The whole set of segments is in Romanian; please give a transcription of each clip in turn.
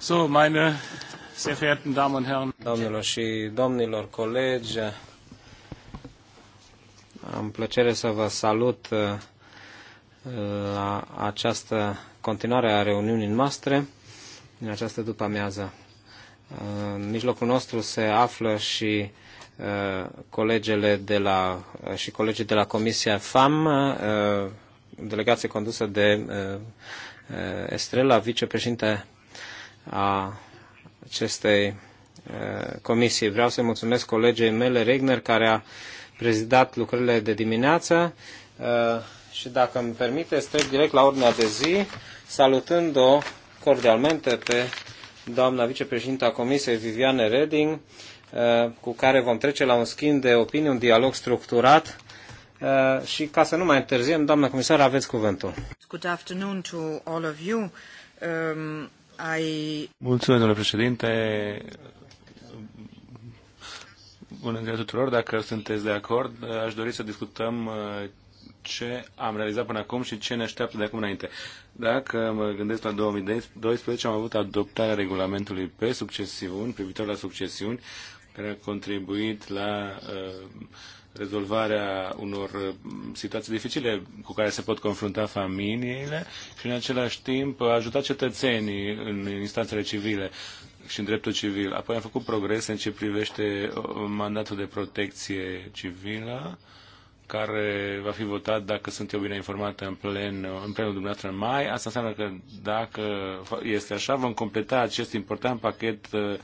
So, meine sehr verehrten Damen und Herren. Doamnelor și domnilor colegi, am plăcere să vă salut uh, la această continuare a reuniunii noastre, în această după-amiază. În uh, mijlocul nostru se află și uh, colegele de la, și colegii de la Comisia FAM, delegație condusă de Estrela, vicepreședinte a acestei comisii. Vreau să-i mulțumesc colegei mele, Regner, care a prezidat lucrările de dimineață și dacă îmi permite, trec direct la ordinea de zi, salutând-o cordialmente pe doamna vicepreședintă a Comisiei, Viviane Reding, cu care vom trece la un schimb de opinii, un dialog structurat. Și ca să nu mai întârziem, doamna comisar, aveți cuvântul. Good afternoon to all of you. Um... Mulțumesc, domnule președinte. Bună ziua tuturor. Dacă sunteți de acord, aș dori să discutăm uh, ce am realizat până acum și ce ne așteaptă de acum înainte. Dacă mă gândesc la 2012, am avut adoptarea regulamentului pe succesiuni, privitor la succesiuni, care a contribuit la uh, rezolvarea unor uh, situații dificile cu care se pot confrunta familiile și în același timp a ajutat cetățenii în instanțele civile și în dreptul civil. Apoi am făcut progrese în ce privește uh, mandatul de protecție civilă care va fi votat, dacă sunt eu bine informat, în, plen, în plenul dumneavoastră în mai. Asta înseamnă că dacă este așa, vom completa acest important pachet uh,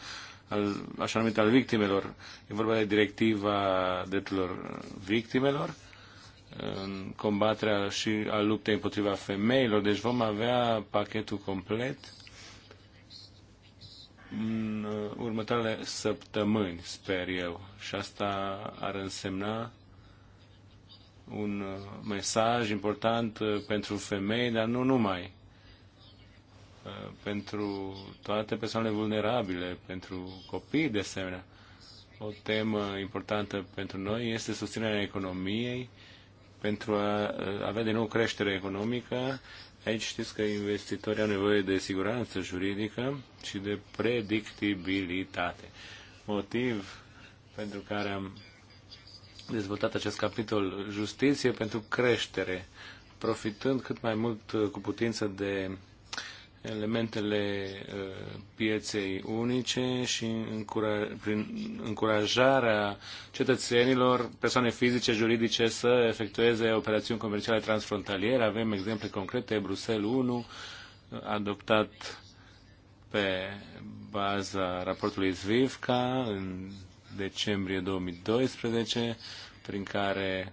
al așa numit al victimelor. E vorba de directiva drepturilor victimelor în combaterea și a luptei împotriva femeilor. Deci vom avea pachetul complet în uh, următoarele săptămâni, sper eu. Și asta ar însemna un uh, mesaj important uh, pentru femei, dar nu numai. Uh, pentru toate persoanele vulnerabile, pentru copii de asemenea. O temă importantă pentru noi este susținerea economiei pentru a uh, avea din nou creștere economică. Aici știți că investitorii au nevoie de siguranță juridică și de predictibilitate. Motiv pentru care am dezvoltat acest capitol justiție pentru creștere, profitând cât mai mult uh, cu putință de elementele uh, pieței unice și încura- prin încurajarea cetățenilor, persoane fizice, juridice să efectueze operațiuni comerciale transfrontaliere. Avem exemple concrete, Bruxelles 1, adoptat pe baza raportului Zvivka în decembrie 2012, prin care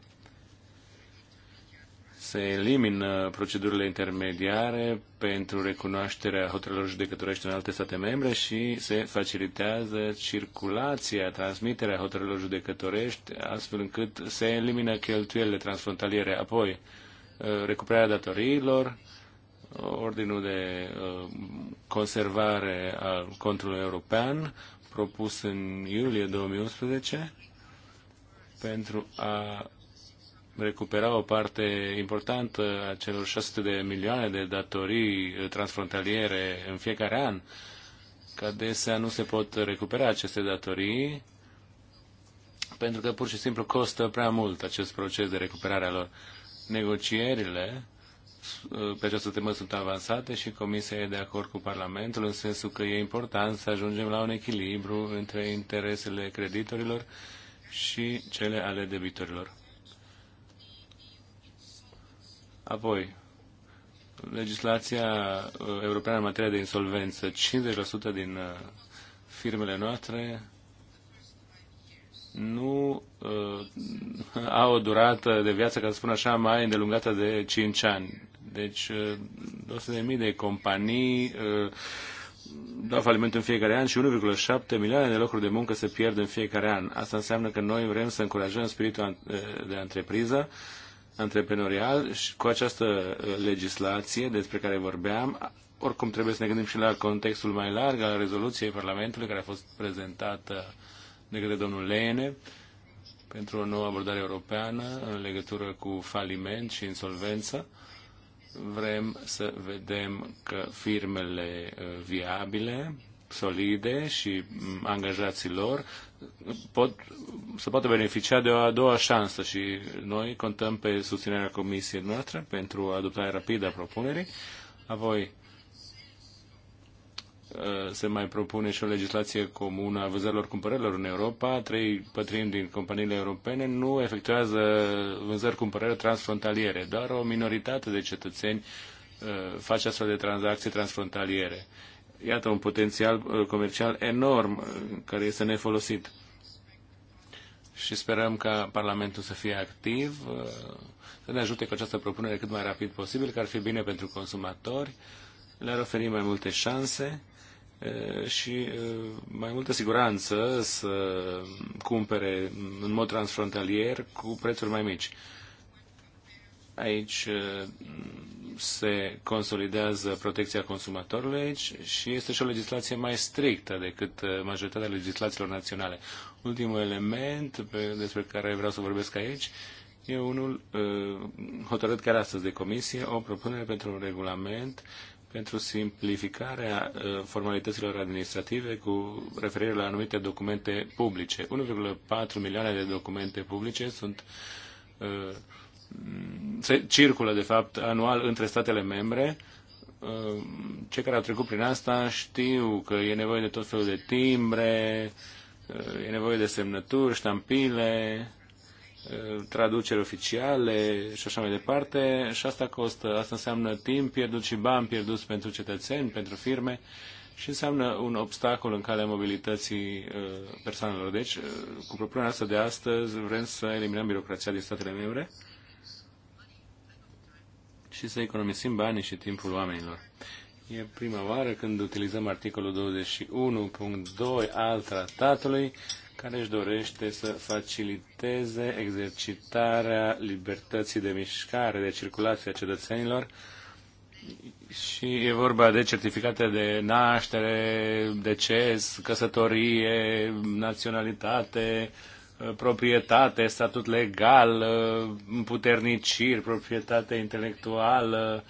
se elimină procedurile intermediare pentru recunoașterea hotărârilor judecătorești în alte state membre și se facilitează circulația, transmiterea hotărârilor judecătorești, astfel încât se elimină cheltuielile transfrontaliere. Apoi, uh, recuperarea datoriilor, ordinul de uh, conservare al contului european, propus în iulie 2011, pentru a recupera o parte importantă a celor 600 de milioane de datorii transfrontaliere în fiecare an, că adesea nu se pot recupera aceste datorii pentru că pur și simplu costă prea mult acest proces de recuperare a lor. Negocierile uh, pe această temă sunt avansate și Comisia e de acord cu Parlamentul în sensul că e important să ajungem la un echilibru între interesele creditorilor și cele ale debitorilor. Apoi, legislația uh, europeană în materie de insolvență, 50% din uh, firmele noastre nu uh, au o durată de viață, ca să spun așa, mai îndelungată de 5 ani. Deci, uh, 200.000 de companii uh, dau faliment în fiecare an și 1,7 milioane de locuri de muncă se pierd în fiecare an. Asta înseamnă că noi vrem să încurajăm spiritul uh, de antrepriză uh, antreprenorial și cu această uh, legislație despre care vorbeam, oricum trebuie să ne gândim și la contextul mai larg al rezoluției Parlamentului care a fost prezentată de către domnul Lene pentru o nouă abordare europeană în legătură cu faliment și insolvență. Vrem să vedem că firmele uh, viabile, solide și mm, angajații lor pot, să poată beneficia de o a doua șansă și noi contăm pe susținerea comisiei noastre pentru adoptarea rapidă a propunerii. Apoi uh, se mai propune și o legislație comună a vânzărilor cumpărărilor în Europa. Trei pătrimi din companiile europene nu efectuează vânzări cumpărări transfrontaliere. Doar o minoritate de cetățeni uh, face astfel de tranzacții transfrontaliere iată, un potențial uh, comercial enorm uh, care este nefolosit. Și sperăm ca Parlamentul să fie activ, uh, să ne ajute cu această propunere cât mai rapid posibil, că ar fi bine pentru consumatori, le-ar oferi mai multe șanse și mai multă siguranță să cumpere în mod transfrontalier cu prețuri mai mici. Aici se consolidează protecția consumatorului aici și este și o legislație mai strictă decât uh, majoritatea legislațiilor naționale. Ultimul element despre care vreau să vorbesc aici e unul uh, hotărât chiar astăzi de comisie, o propunere pentru un regulament pentru simplificarea uh, formalităților administrative cu referire la anumite documente publice. 1,4 milioane de documente publice sunt se circulă, de fapt, anual între statele membre. Uh, cei care au trecut prin asta știu că e nevoie de tot felul de timbre, uh, e nevoie de semnături, ștampile, uh, traduceri oficiale și așa mai departe. Și asta costă, asta înseamnă timp pierdut și bani pierduți pentru cetățeni, pentru firme și înseamnă un obstacol în calea mobilității persoanelor. Deci, cu propunerea asta de astăzi, vrem să eliminăm birocrația din statele membre și să economisim banii și timpul oamenilor. E prima oară când utilizăm articolul 21.2 al tratatului, care își dorește să faciliteze exercitarea libertății de mișcare, de circulație a cetățenilor, și e vorba de certificate de naștere, deces, căsătorie, naționalitate, Uh, proprietate, statut legal, uh, puterniciri, proprietate intelectuală,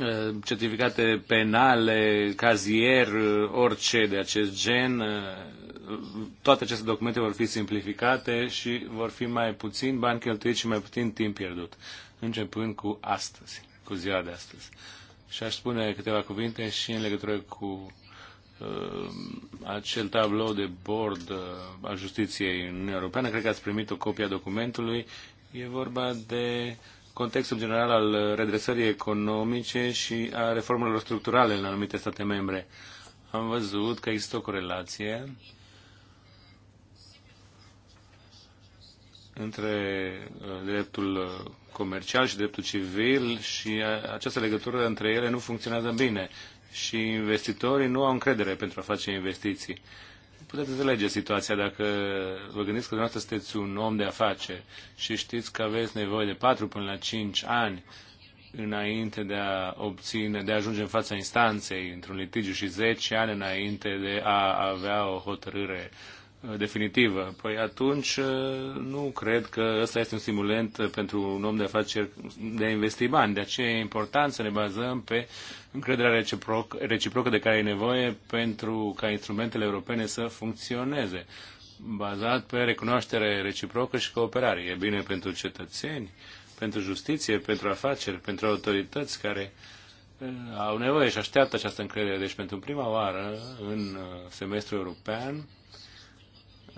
uh, certificate penale, cazier, orice de acest gen, toate aceste documente vor fi simplificate și vor fi mai puțin bani cheltuiți și mai puțin timp pierdut, începând cu astăzi, cu ziua de astăzi. Și aș spune câteva cuvinte și în legătură cu Uh, acel tablou de bord uh, al justiției în Uniunea Europeană. Cred că ați primit o copie a documentului. E vorba de contextul general al redresării economice și a reformelor structurale în anumite state membre. Am văzut că există o corelație între uh, dreptul comercial și dreptul civil și această legătură între ele nu funcționează bine și investitorii nu au încredere pentru a face investiții. Puteți înțelege situația dacă vă gândiți că dumneavoastră sunteți un om de afaceri și știți că aveți nevoie de 4 până la 5 ani înainte de a obține, de a ajunge în fața instanței într-un litigiu și 10 ani înainte de a avea o hotărâre uh, definitivă. Păi atunci uh, nu cred că ăsta este un stimulent pentru un om de afaceri de a investi bani. De aceea e important să ne bazăm pe încrederea reciproc, reciprocă de care e nevoie pentru ca instrumentele europene să funcționeze, bazat pe recunoaștere reciprocă și cooperare. E bine pentru cetățeni, pentru justiție, pentru afaceri, pentru autorități care uh, au nevoie și așteaptă această încredere. Deci, pentru prima oară în uh, semestrul european,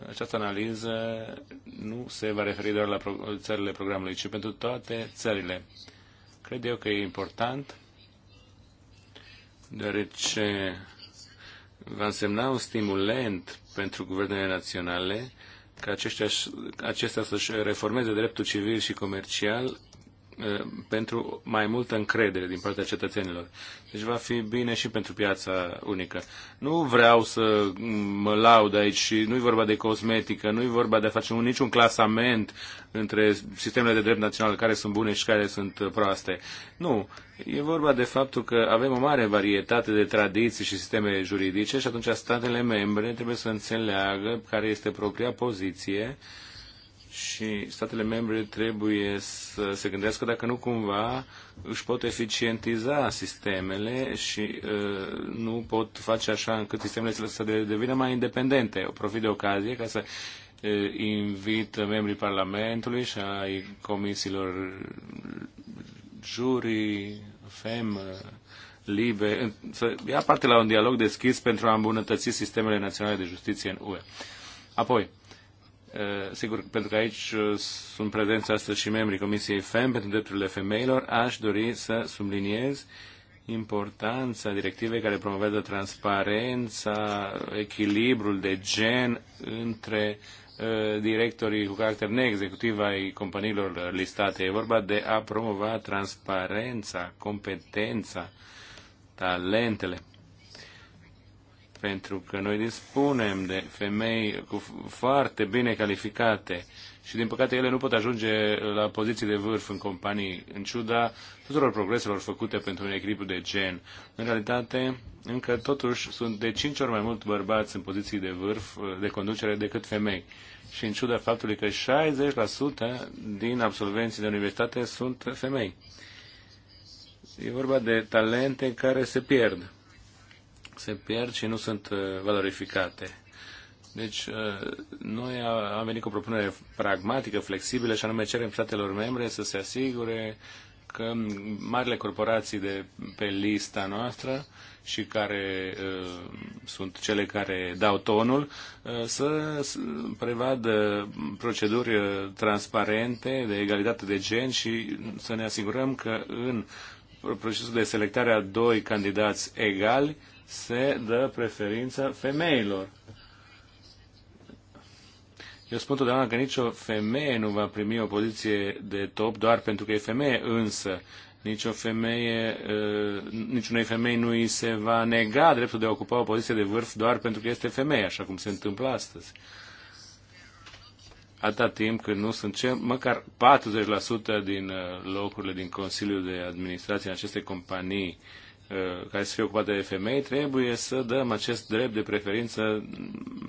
această analiză nu se va referi doar la pro- țările programului, ci pentru toate țările. Cred eu că e important, deoarece va însemna un stimulent pentru guvernele naționale ca aceștia, acestea să-și reformeze dreptul civil și comercial Eh, pentru mai multă încredere din partea cetățenilor. Deci va fi bine și pentru piața unică. Nu vreau să mă laud aici și nu-i vorba de cosmetică, nu-i vorba de a face niciun clasament între sistemele de drept național care sunt bune și care sunt proaste. Nu. E vorba de faptul că avem o mare varietate de tradiții și sisteme juridice și atunci statele membre trebuie să înțeleagă care este propria poziție și statele membre trebuie să se gândească dacă nu cumva își pot eficientiza sistemele și uh, nu pot face așa încât sistemele să devină mai independente. O profit de ocazie ca să uh, invit membrii Parlamentului și ai comisiilor juri, FEM, uh, LIBE, să ia parte la un dialog deschis pentru a îmbunătăți sistemele naționale de justiție în UE. Apoi, Eh, sigur, pentru că aici eh, sunt prezenți astăzi și membrii Comisiei FEM pentru drepturile femeilor, aș dori să subliniez importanța directivei care promovează transparența, echilibrul de gen între eh, directorii cu caracter neexecutiv ai companiilor listate. E vorba de a promova transparența, competența, talentele pentru că noi dispunem de femei cu foarte bine calificate și din păcate ele nu pot ajunge la poziții de vârf în companii, în ciuda tuturor progreselor făcute pentru un echilibru de gen. În realitate, încă totuși sunt de cinci ori mai mult bărbați în poziții de vârf de conducere decât femei. Și în ciuda faptului că 60% din absolvenții de universitate sunt femei. E vorba de talente care se pierd se pierd și nu sunt uh, valorificate. Deci, uh, noi am venit cu o propunere pragmatică, flexibilă, și anume cerem statelor membre să se asigure că marile corporații de pe lista noastră și care uh, sunt cele care dau tonul, uh, să prevadă proceduri uh, transparente de egalitate de gen și să ne asigurăm că în procesul de selectare a doi candidați egali, uh, se dă preferință femeilor. Eu spun totdeauna că nicio femeie nu va primi o poziție de top doar pentru că e femeie, însă nicio femeie, uh, niciunei femei nu îi se va nega dreptul de a ocupa o poziție de vârf doar pentru că este femeie, așa cum se întâmplă astăzi. Atâta timp când nu sunt ce, măcar 40% din uh, locurile din Consiliul de Administrație în aceste companii uh, Uh, care să fie ocupat de femei, trebuie să dăm acest drept de preferință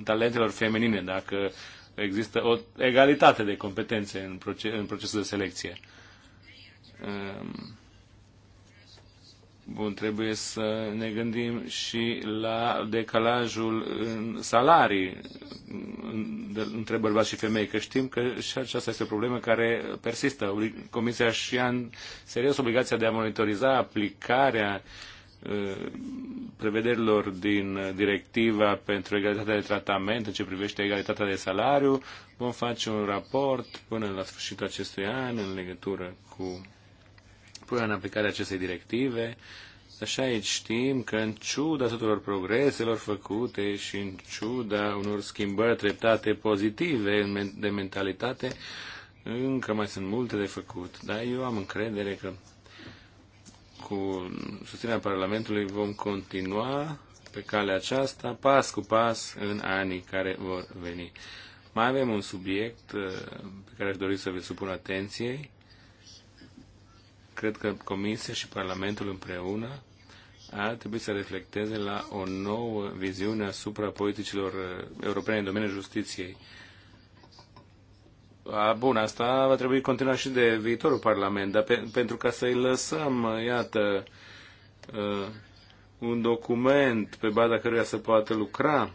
talentelor feminine, dacă există o egalitate de competențe în, proces, în procesul de selecție. Um, Bun, trebuie să ne gândim și la decalajul în salarii între bărbați și femei, că știm că și aceasta este o problemă care persistă. Comisia și în serios obligația de a monitoriza aplicarea ă, prevederilor din directiva pentru egalitatea de tratament în ce privește egalitatea de salariu. Vom face un raport până la sfârșitul acestui an în legătură cu punerea în aplicare acestei directive, Așa deci aici știm că în ciuda tuturor progreselor făcute și în ciuda unor schimbări treptate pozitive de mentalitate, încă mai sunt multe de făcut. Dar eu am încredere că cu susținerea Parlamentului vom continua pe calea aceasta, pas cu pas, în anii care vor veni. Mai avem un subiect uh, pe care aș dori să vă supun atenției cred că Comisia și Parlamentul împreună ar trebui să reflecteze la o nouă viziune asupra politicilor uh, europene în domeniul justiției. A, bun, asta va trebui continua și de viitorul Parlament, dar pe, pentru ca să-i lăsăm, uh, iată, uh, un document pe baza căruia să poată lucra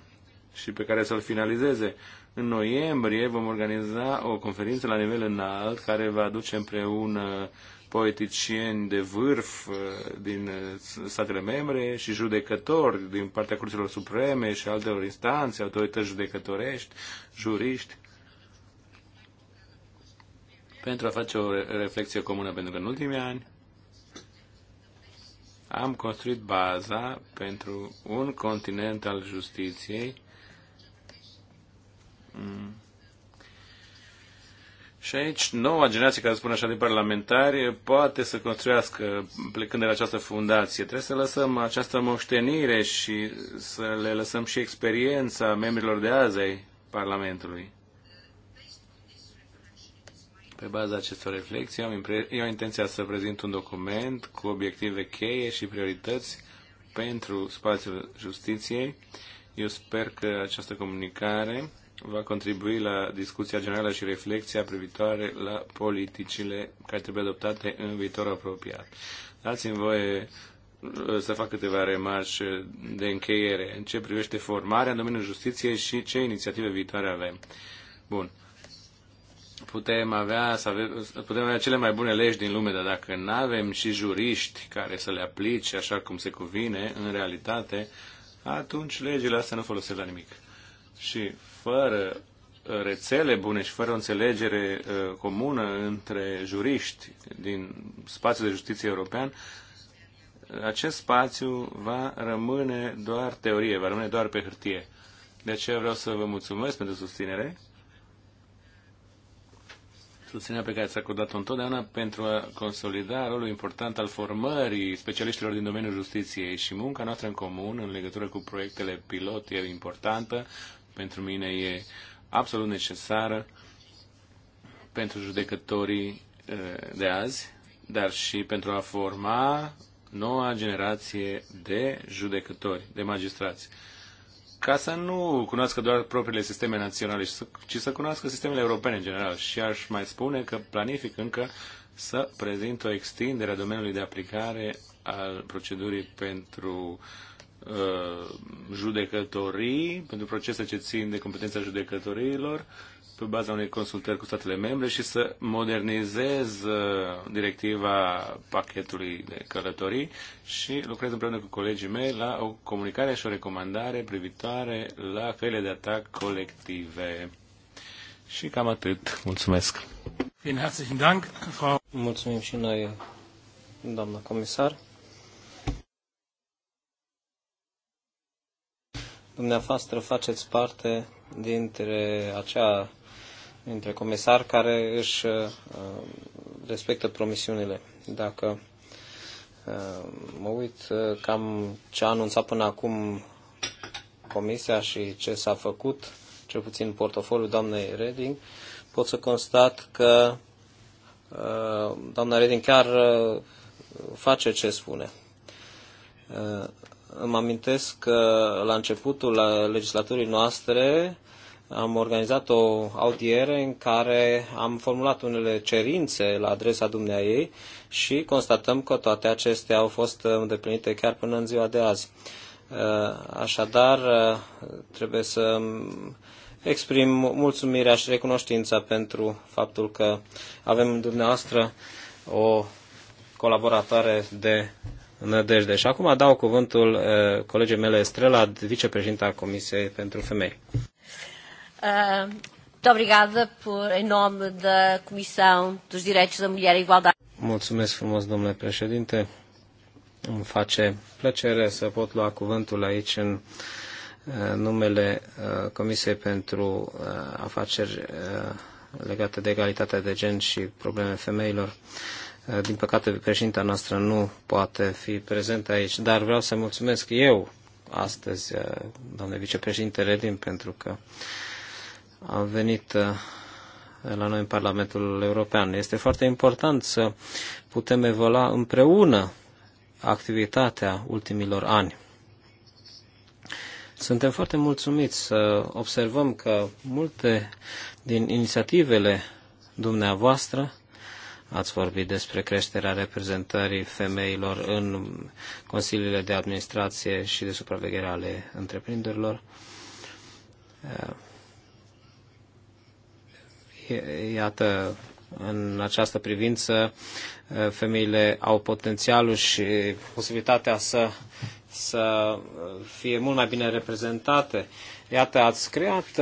și pe care să-l finalizeze. În noiembrie vom organiza o conferință la nivel înalt care va aduce împreună uh, politicieni de vârf uh, din uh, statele membre și judecători din partea curților supreme și altelor instanțe, autorități judecătorești, juriști, pentru a face o reflexie comună, pentru că în ultimii ani am construit baza pentru un continent al justiției mm, și aici noua generație, care spune așa, de parlamentari poate să construiască plecând de la această fundație. Trebuie să lăsăm această moștenire și să le lăsăm și experiența membrilor de azi ai Parlamentului. Pe baza acestor reflexii, am impre- eu am intenția să prezint un document cu obiective cheie și priorități pentru spațiul justiției. Eu sper că această comunicare va contribui la discuția generală și reflexia privitoare la politicile care trebuie adoptate în viitor apropiat. Dați-mi voie uh, să fac câteva remarci uh, de încheiere în ce privește formarea în domeniul justiției și ce inițiative viitoare avem. Bun. Putem avea, să avem, putem avea cele mai bune legi din lume, dar dacă nu avem și juriști care să le aplice așa cum se cuvine, în realitate, atunci legile astea nu folosesc la nimic. Și fără uh, rețele bune și fără o înțelegere uh, comună între juriști din spațiul de justiție european, acest spațiu va rămâne doar teorie, va rămâne doar pe hârtie. De aceea vreau să vă mulțumesc pentru susținere, susținerea pe care ți-a acordat-o întotdeauna pentru a consolida rolul important al formării specialiștilor din domeniul justiției și munca noastră în comun în legătură cu proiectele pilot e importantă pentru mine e absolut necesară pentru judecătorii eh, de azi, dar și pentru a forma noua generație de judecători, de magistrați. Ca să nu cunoască doar propriile sisteme naționale, ci să cunoască sistemele europene în general. Și aș mai spune că planific încă să prezint o extindere a domeniului de aplicare al procedurii pentru uh, Uh, judecătorii, pentru procese ce țin de competența judecătorilor, pe baza unei consultări cu statele membre și să modernizez uh, directiva pachetului de călătorii și lucrez împreună cu colegii mei la o comunicare și o recomandare privitoare la căile de atac colective. Și cam atât. Mulțumesc. Mulțumim și noi, doamna comisar. dumneavoastră faceți parte dintre acea dintre comisar care își uh, respectă promisiunile. Dacă uh, mă uit uh, cam ce a anunțat până acum comisia și ce s-a făcut, cel puțin portofoliul doamnei Reding, pot să constat că doamna Reding chiar face ce spune îmi amintesc că la începutul legislaturii noastre am organizat o audiere în care am formulat unele cerințe la adresa ei și constatăm că toate acestea au fost îndeplinite chiar până în ziua de azi. Uh, așadar, uh, trebuie să exprim mulțumirea și recunoștința pentru faptul că avem în dumneavoastră o colaboratoare de nădejde. Și acum dau cuvântul uh, colegii mele Estrela, vicepreședinta Comisiei pentru Femei. Uh, obrigada por, em nome da Comissão dos Direitos da Mulher e Igualdade. Mulțumesc frumos, domnule președinte. Îmi face plăcere să pot lua cuvântul aici în uh, numele uh, Comisiei pentru uh, Afaceri legate de egalitatea de gen și probleme femeilor. Uh, Eh, din păcate, președinta noastră nu poate fi prezentă aici, dar vreau să mulțumesc eu astăzi, eh, doamne vicepreședinte Redin, pentru că a venit eh, la noi în Parlamentul European. Este foarte important să putem evolua împreună activitatea ultimilor ani. Suntem foarte mulțumiți să observăm că multe din inițiativele dumneavoastră ați vorbit despre creșterea reprezentării femeilor în consiliile de administrație și de supraveghere ale întreprinderilor. Iată, în această privință, femeile au potențialul și posibilitatea să, să fie mult mai bine reprezentate. Iată, ați creat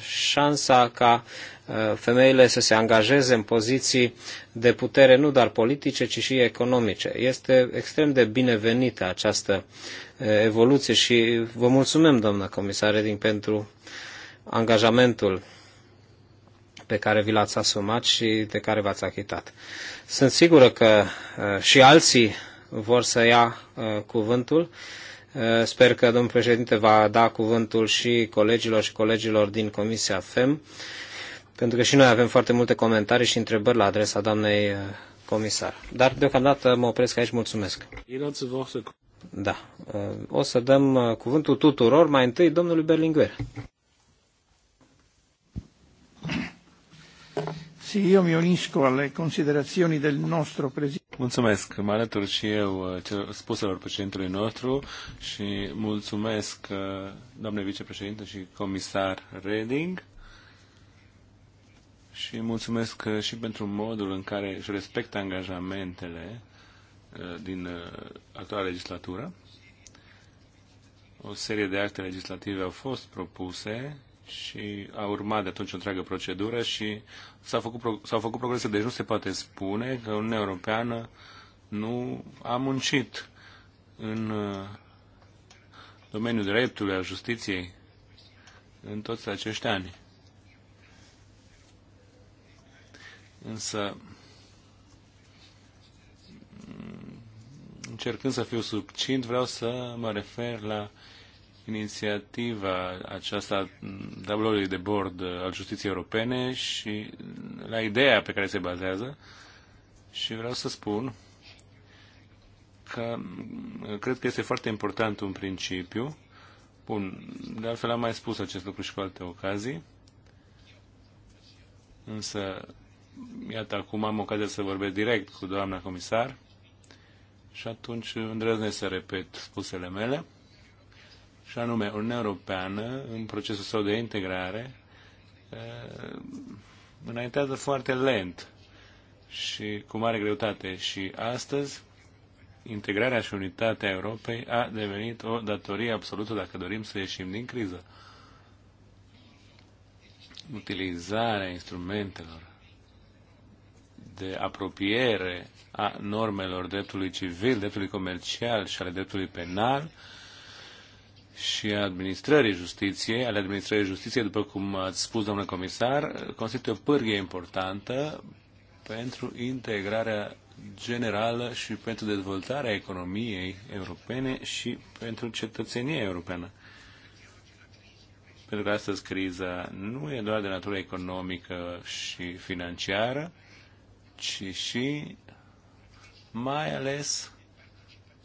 șansa ca uh, femeile să se angajeze în poziții de putere nu doar politice, ci și economice. Este extrem de binevenită această uh, evoluție și vă mulțumim, doamnă Comisar Reding, pentru angajamentul pe care vi l-ați asumat și de care v-ați achitat. Sunt sigură că uh, și alții vor să ia cuvântul Eh, sper că domnul președinte va da cuvântul și colegilor și colegilor din Comisia FEM, pentru că și noi avem foarte multe comentarii și întrebări la adresa doamnei eh, comisar. Dar deocamdată mă opresc aici, mulțumesc. Da. Eh, o să dăm cuvântul tuturor, mai întâi domnului Berlinguer. Sì, io mi unisco alle considerazioni del nostro presidente. Mulțumesc, mă alătur și eu uh, spuselor președintelui nostru și mulțumesc uh, doamne vicepreședinte și comisar Reding și mulțumesc uh, și pentru modul în care își respectă angajamentele din actuala legislatură. O serie de acte legislative au fost propuse și a urmat de atunci o întreagă procedură și s-au făcut, pro- s-au făcut progrese. Deci nu se poate spune că Uniunea Europeană nu a muncit în uh, domeniul dreptului, al justiției, în toți acești ani. Însă, încercând să fiu subțint, vreau să mă refer la inițiativa aceasta tabloului de bord al justiției europene și la ideea pe care se bazează și vreau să spun că cred că este foarte important un principiu. Bun, de altfel am mai spus acest lucru și cu alte ocazii, însă iată, acum am ocazia să vorbesc direct cu doamna comisar și atunci îndrăznesc să repet spusele mele și anume Uniunea Europeană, în procesul său de integrare, eh, înaintează foarte lent și cu mare greutate. Și astăzi, integrarea și unitatea Europei a devenit o datorie absolută dacă dorim să ieșim din criză. Utilizarea instrumentelor de apropiere a normelor dreptului civil, dreptului comercial și ale dreptului penal uh, și administrării justiției, ale administrării justiției, după cum ați spus, domnule comisar, constituie o pârghie importantă pentru integrarea generală și pentru dezvoltarea economiei europene și pentru cetățenia europeană. Pentru că astăzi criza nu e doar de natură economică și financiară, ci și mai ales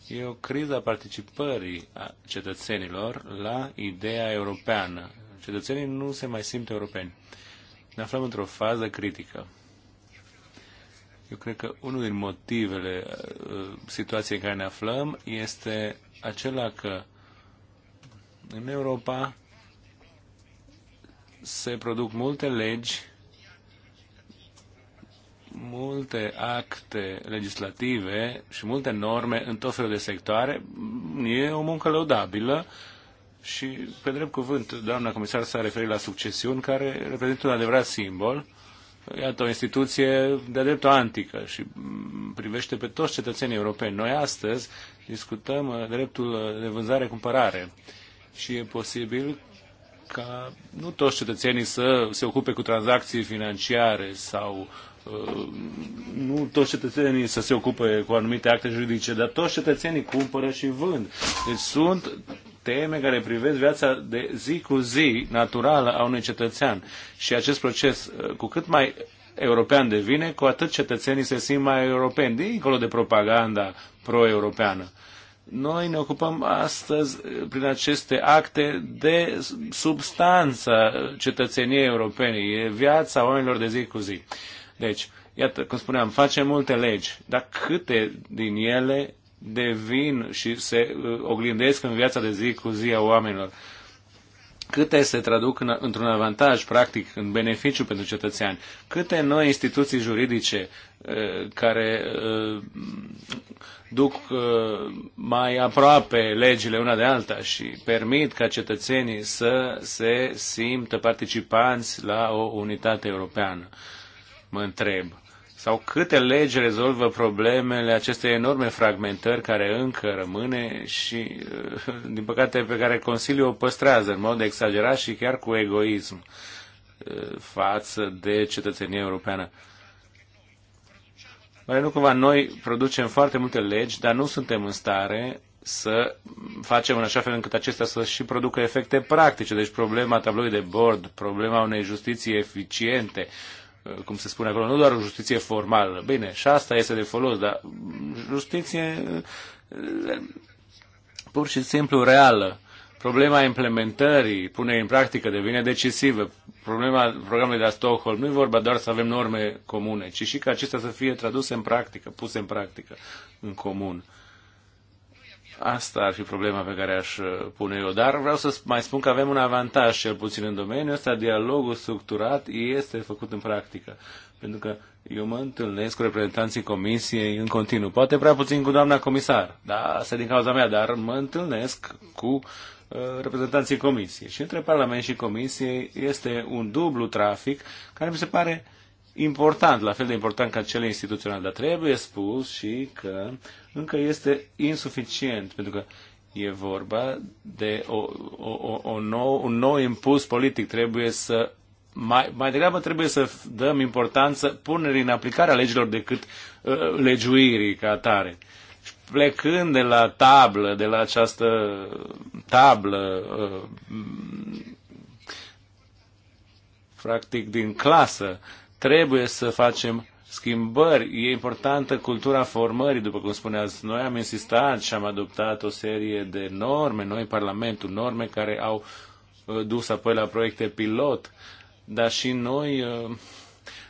E o criză a participării a cetățenilor la ideea europeană. Cetățenii nu se mai simt europeni. Ne aflăm într-o fază critică. Eu cred că unul din motivele uh, situației în care ne aflăm este acela că în Europa se produc multe legi multe acte legislative și multe norme în tot felul de sectoare, mm, e o muncă lăudabilă și, pe drept cuvânt, doamna comisar s-a referit la succesiuni, care reprezintă un adevărat simbol. Iată, o instituție de dreptul antică și mm, privește pe toți cetățenii europeni. Noi astăzi discutăm uh, dreptul de vânzare-cumpărare și e posibil ca nu toți cetățenii să se ocupe cu tranzacții financiare sau Uh, nu toți cetățenii să se ocupe cu anumite acte juridice, dar toți cetățenii cumpără și vând. Deci sunt teme care privesc viața de zi cu zi naturală a unui cetățean. Și acest proces, uh, cu cât mai european devine, cu atât cetățenii se simt mai europeni, dincolo de propaganda pro-europeană. Noi ne ocupăm astăzi, uh, prin aceste acte, de substanța cetățeniei europene, e viața oamenilor de zi cu zi. Deci, iată, cum spuneam, facem multe legi, dar câte din ele devin și se uh, oglindesc în viața de zi cu zi a oamenilor? Câte se traduc în, într-un avantaj practic, în beneficiu pentru cetățeani? Câte noi instituții juridice uh, care uh, duc mai aproape legile una de alta și permit ca cetățenii să se simtă participanți la o unitate europeană mă întreb. Sau câte legi rezolvă problemele acestei enorme fragmentări care încă rămâne și, uh, din păcate, pe care Consiliul o păstrează în mod exagerat și chiar cu egoism uh, față de cetățenia europeană. Mai nu cumva noi producem foarte multe legi, dar nu suntem în stare să facem în așa fel încât acestea să și producă efecte practice. Deci problema tabloului de bord, problema unei justiții eficiente, Uh, cum se spune acolo, nu doar o justiție formală. Bine, și asta este de folos, dar justiție uh, pur și simplu reală. Problema implementării, punerii în practică, devine decisivă. Problema programului de la Stockholm nu e vorba doar să avem norme comune, ci și ca acestea să fie traduse în practică, puse în practică, în comun. Asta ar fi problema pe care aș uh, pune eu. Dar vreau să mai spun că avem un avantaj, cel puțin în domeniul ăsta, dialogul structurat este făcut în practică. Pentru că eu mă întâlnesc cu reprezentanții comisiei în continuu. Poate prea puțin cu doamna comisar, dar asta din cauza mea, dar mă întâlnesc cu uh, reprezentanții comisiei. Și între Parlament și comisie este un dublu trafic care mi se pare important, la fel de important ca cele instituționale, dar trebuie spus și că încă este insuficient, pentru că e vorba de o, o, o, o nou, un nou impuls politic. Trebuie să mai, mai degrabă trebuie să dăm importanță punerii în aplicare a legilor decât uh, legiuirii ca atare. Și plecând de la tablă, de la această tablă, uh, practic din clasă, uh, Trebuie să facem schimbări. E importantă cultura formării, după cum spuneați. Noi am insistat și am adoptat o serie de norme, noi Parlamentul, norme care au uh, dus apoi la proiecte pilot, dar și noi uh,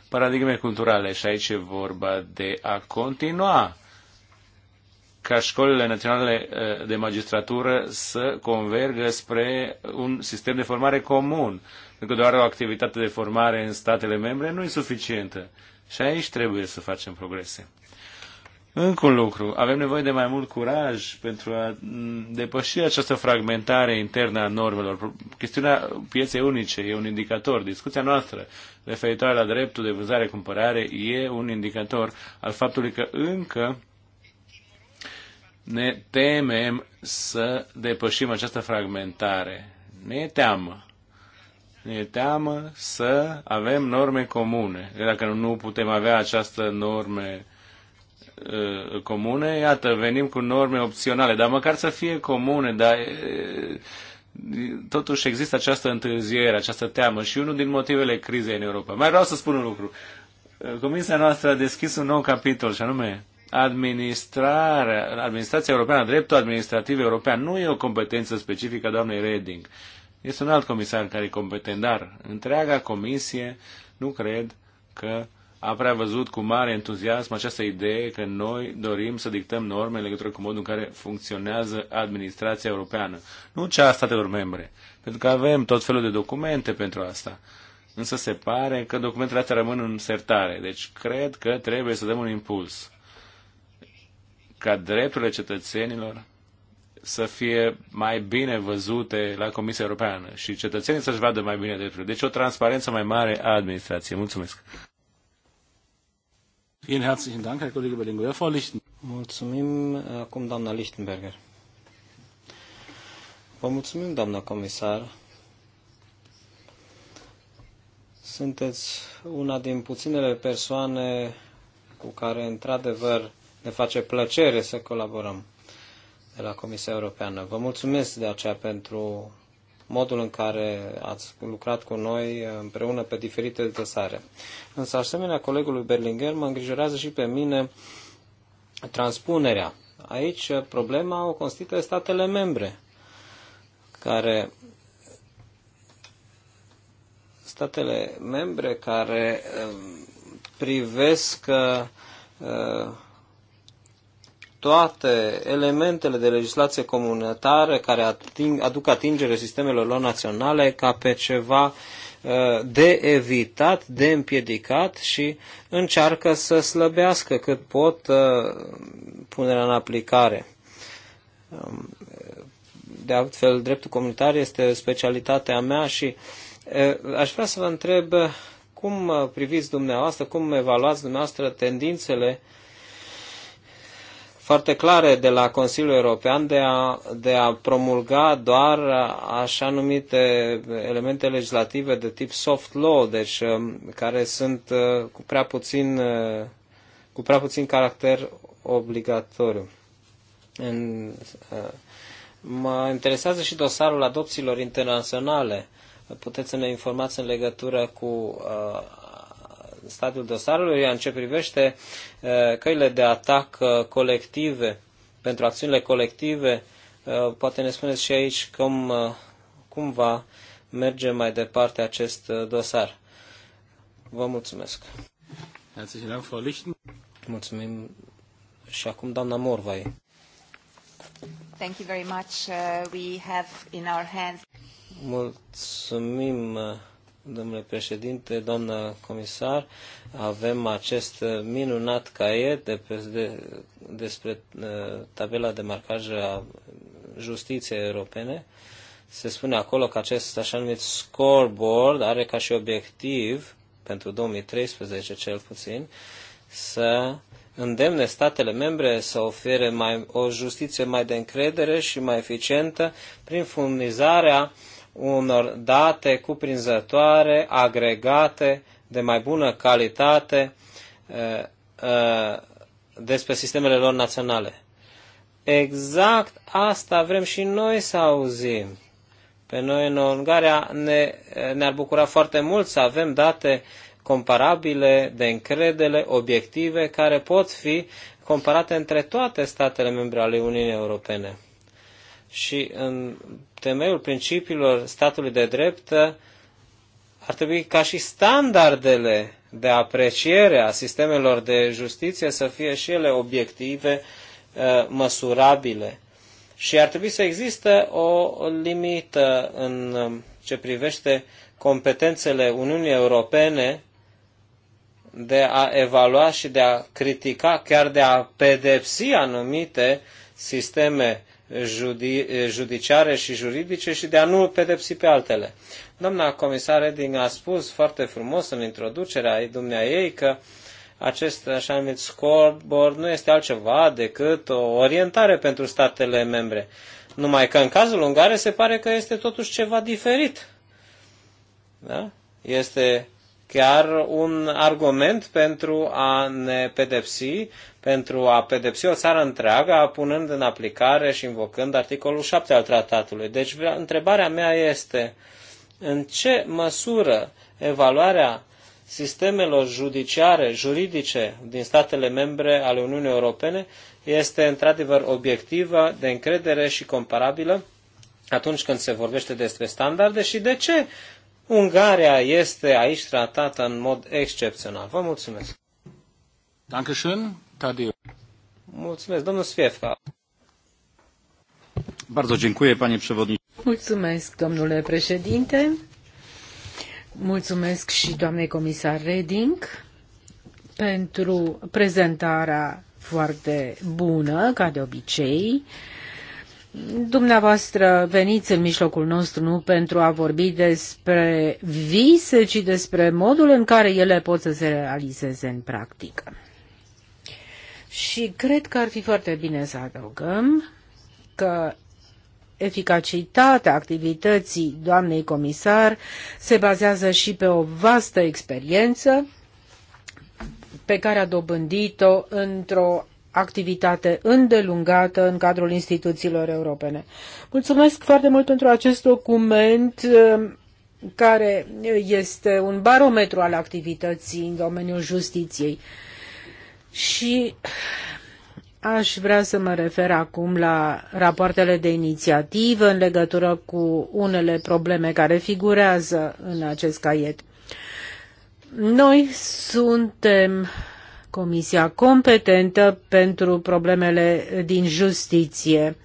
paradigme culturale. Și aici e vorba de a continua ca școlile naționale uh, de magistratură să convergă spre un sistem de formare comun pentru că doar o activitate de formare în statele membre nu e suficientă. Și aici trebuie să facem progrese. Încă un lucru, avem nevoie de mai mult curaj pentru a depăși această fragmentare internă a normelor. Chestiunea pieței unice e un indicator. Discuția noastră referitoare la dreptul de vânzare-cumpărare e un indicator al faptului că încă ne temem să depășim această fragmentare. Ne teamă e teamă să avem norme comune. Deci dacă nu putem avea această norme uh, comune, iată, venim cu norme opționale, dar măcar să fie comune, dar uh, totuși există această întârziere, această teamă și unul din motivele crizei în Europa. Mai vreau să spun un lucru. Uh, comisia noastră a deschis un nou capitol și anume administrarea, administrația europeană, dreptul administrativ european nu e o competență specifică a doamnei Reding. Este un alt comisar care e competent, dar întreaga comisie nu cred că a prea văzut cu mare entuziasm această idee că noi dorim să dictăm norme în legătură cu modul în care funcționează administrația europeană, nu cea a statelor membre, pentru că avem tot felul de documente pentru asta. Însă se pare că documentele astea rămân în sertare, deci cred că trebuie să dăm un impuls ca drepturile cetățenilor să fie mai bine văzute la Comisia Europeană și cetățenii să-și vadă mai bine drepturile. Deci o transparență mai mare a administrației. Mulțumesc! Vielen herzlichen Dank, Herr Kollege Berlinguer. Frau Lichten. Mulțumim. Acum, doamna Lichtenberger. Vă mulțumim, doamna comisar. Sunteți una din puținele persoane cu care, într-adevăr, ne face plăcere să colaborăm de la Comisia Europeană. Vă mulțumesc de aceea pentru modul în care ați lucrat cu noi împreună pe diferite dosare. Însă, asemenea colegului Berlinger, mă îngrijorează și pe mine transpunerea. Aici problema o constituie statele membre, care statele membre care um, privesc uh, toate elementele de legislație comunitară care ating, aduc atingere sistemelor lor naționale ca pe ceva uh, de evitat, de împiedicat și încearcă să slăbească cât pot uh, punerea în aplicare. Um, de altfel, dreptul comunitar este specialitatea mea și uh, aș vrea să vă întreb cum priviți dumneavoastră, cum evaluați dumneavoastră tendințele uh, foarte clare de la Consiliul European de a, de a promulga doar așa numite elemente legislative de tip soft law, deci um, care sunt uh, cu prea puțin, uh, cu prea puțin caracter obligatoriu. În, uh, mă interesează și dosarul adopțiilor internaționale. Puteți să ne informați în legătură cu stadiul dosarului, în ce privește uh, căile de atac uh, colective, pentru acțiunile colective, uh, poate ne spuneți și aici cum, cum va merge mai departe acest dosar. Vă mulțumesc. Mulțumim și acum doamna Morvai. Thank you very much. Uh, we have in our hands. Mulțumim domnule președinte, doamnă comisar, avem acest minunat caiet de, de, despre uh, tabela de marcaj a justiției europene. Se spune acolo că acest așa numit scoreboard are ca și obiectiv, pentru 2013 cel puțin, să îndemne statele membre să ofere mai, o justiție mai de încredere și mai eficientă prin furnizarea uh, unor date cuprinzătoare, agregate, de mai bună calitate eh, eh, despre sistemele lor naționale. Exact asta vrem și noi să auzim. Pe noi în Ungaria ne, ne-ar bucura foarte mult să avem date comparabile, de încredere, obiective, care pot fi comparate între toate statele membre ale Uniunii Europene. Și în temeiul principiilor statului de drept uh, ar trebui ca și standardele de apreciere a sistemelor de justiție să fie și ele obiective, uh, măsurabile. Și ar trebui să există o limită în um, ce privește competențele Uniunii Europene de a evalua și de a critica, chiar de a pedepsi anumite sisteme judiciare și juridice și de a nu pedepsi pe altele. Doamna comisar Reding a spus foarte frumos în introducerea ei că acest așa numit scoreboard nu este altceva decât o orientare pentru statele membre. Numai că în cazul Ungare se pare că este totuși ceva diferit. Da? Este chiar un argument pentru a ne pedepsi, pentru a pedepsi o țară întreagă, punând în aplicare și invocând articolul 7 al tratatului. Deci, întrebarea mea este, în ce măsură evaluarea sistemelor judiciare, juridice din statele membre ale Uniunii Europene este într-adevăr obiectivă, de încredere și comparabilă atunci când se vorbește despre standarde și de ce Ungaria este aici tratată în mod excepțional. Vă mulțumesc. Dankeschön, Tadeu. Mulțumesc, domnul Sfiefka. Bardzo dziękuję, panie przewodniczący. Mulțumesc, domnule președinte. Mulțumesc și doamnei comisar Reding pentru prezentarea foarte bună, ca de obicei. Uh, Dumneavoastră veniți în mijlocul nostru nu pentru a vorbi despre vise, ci despre modul în care ele pot să se realizeze în practică. Și cred că ar fi foarte bine să adăugăm că eficacitatea activității doamnei comisar se bazează și pe o vastă experiență pe care a dobândit-o într-o activitate îndelungată în cadrul instituțiilor europene. Mulțumesc foarte mult pentru acest document um, care este un barometru al activității în domeniul justiției. Și Aș vrea să mă refer acum la rapoartele de inițiativă în legătură cu unele probleme care figurează în acest caiet. Noi suntem comisia competentă pentru problemele din justiție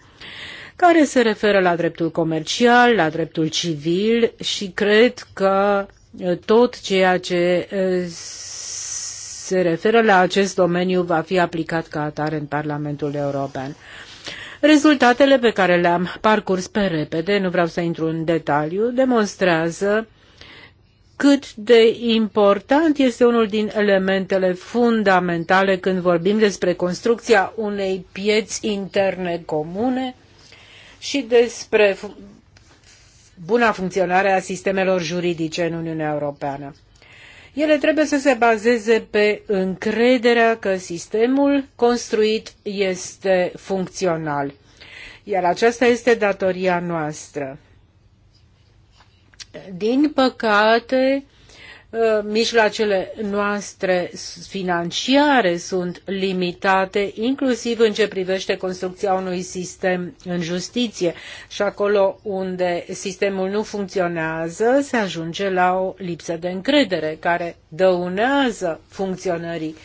care se referă la dreptul comercial, la dreptul civil și cred că uh, tot ceea ce uh, se referă la acest domeniu va fi aplicat ca atare în Parlamentul European. Rezultatele pe care le-am parcurs pe repede, nu vreau să intru în detaliu, demonstrează cât de important este unul din elementele fundamentale când vorbim despre construcția unei pieți interne comune și despre buna funcționare a sistemelor juridice în Uniunea Europeană. Ele trebuie să se bazeze pe încrederea că sistemul construit este funcțional. Iar aceasta este datoria noastră. Din păcate, uh, mijloacele noastre financiare sunt limitate, inclusiv în ce privește construcția unui sistem în justiție. Și acolo unde sistemul nu funcționează, se ajunge la o lipsă de încredere care dăunează funcționării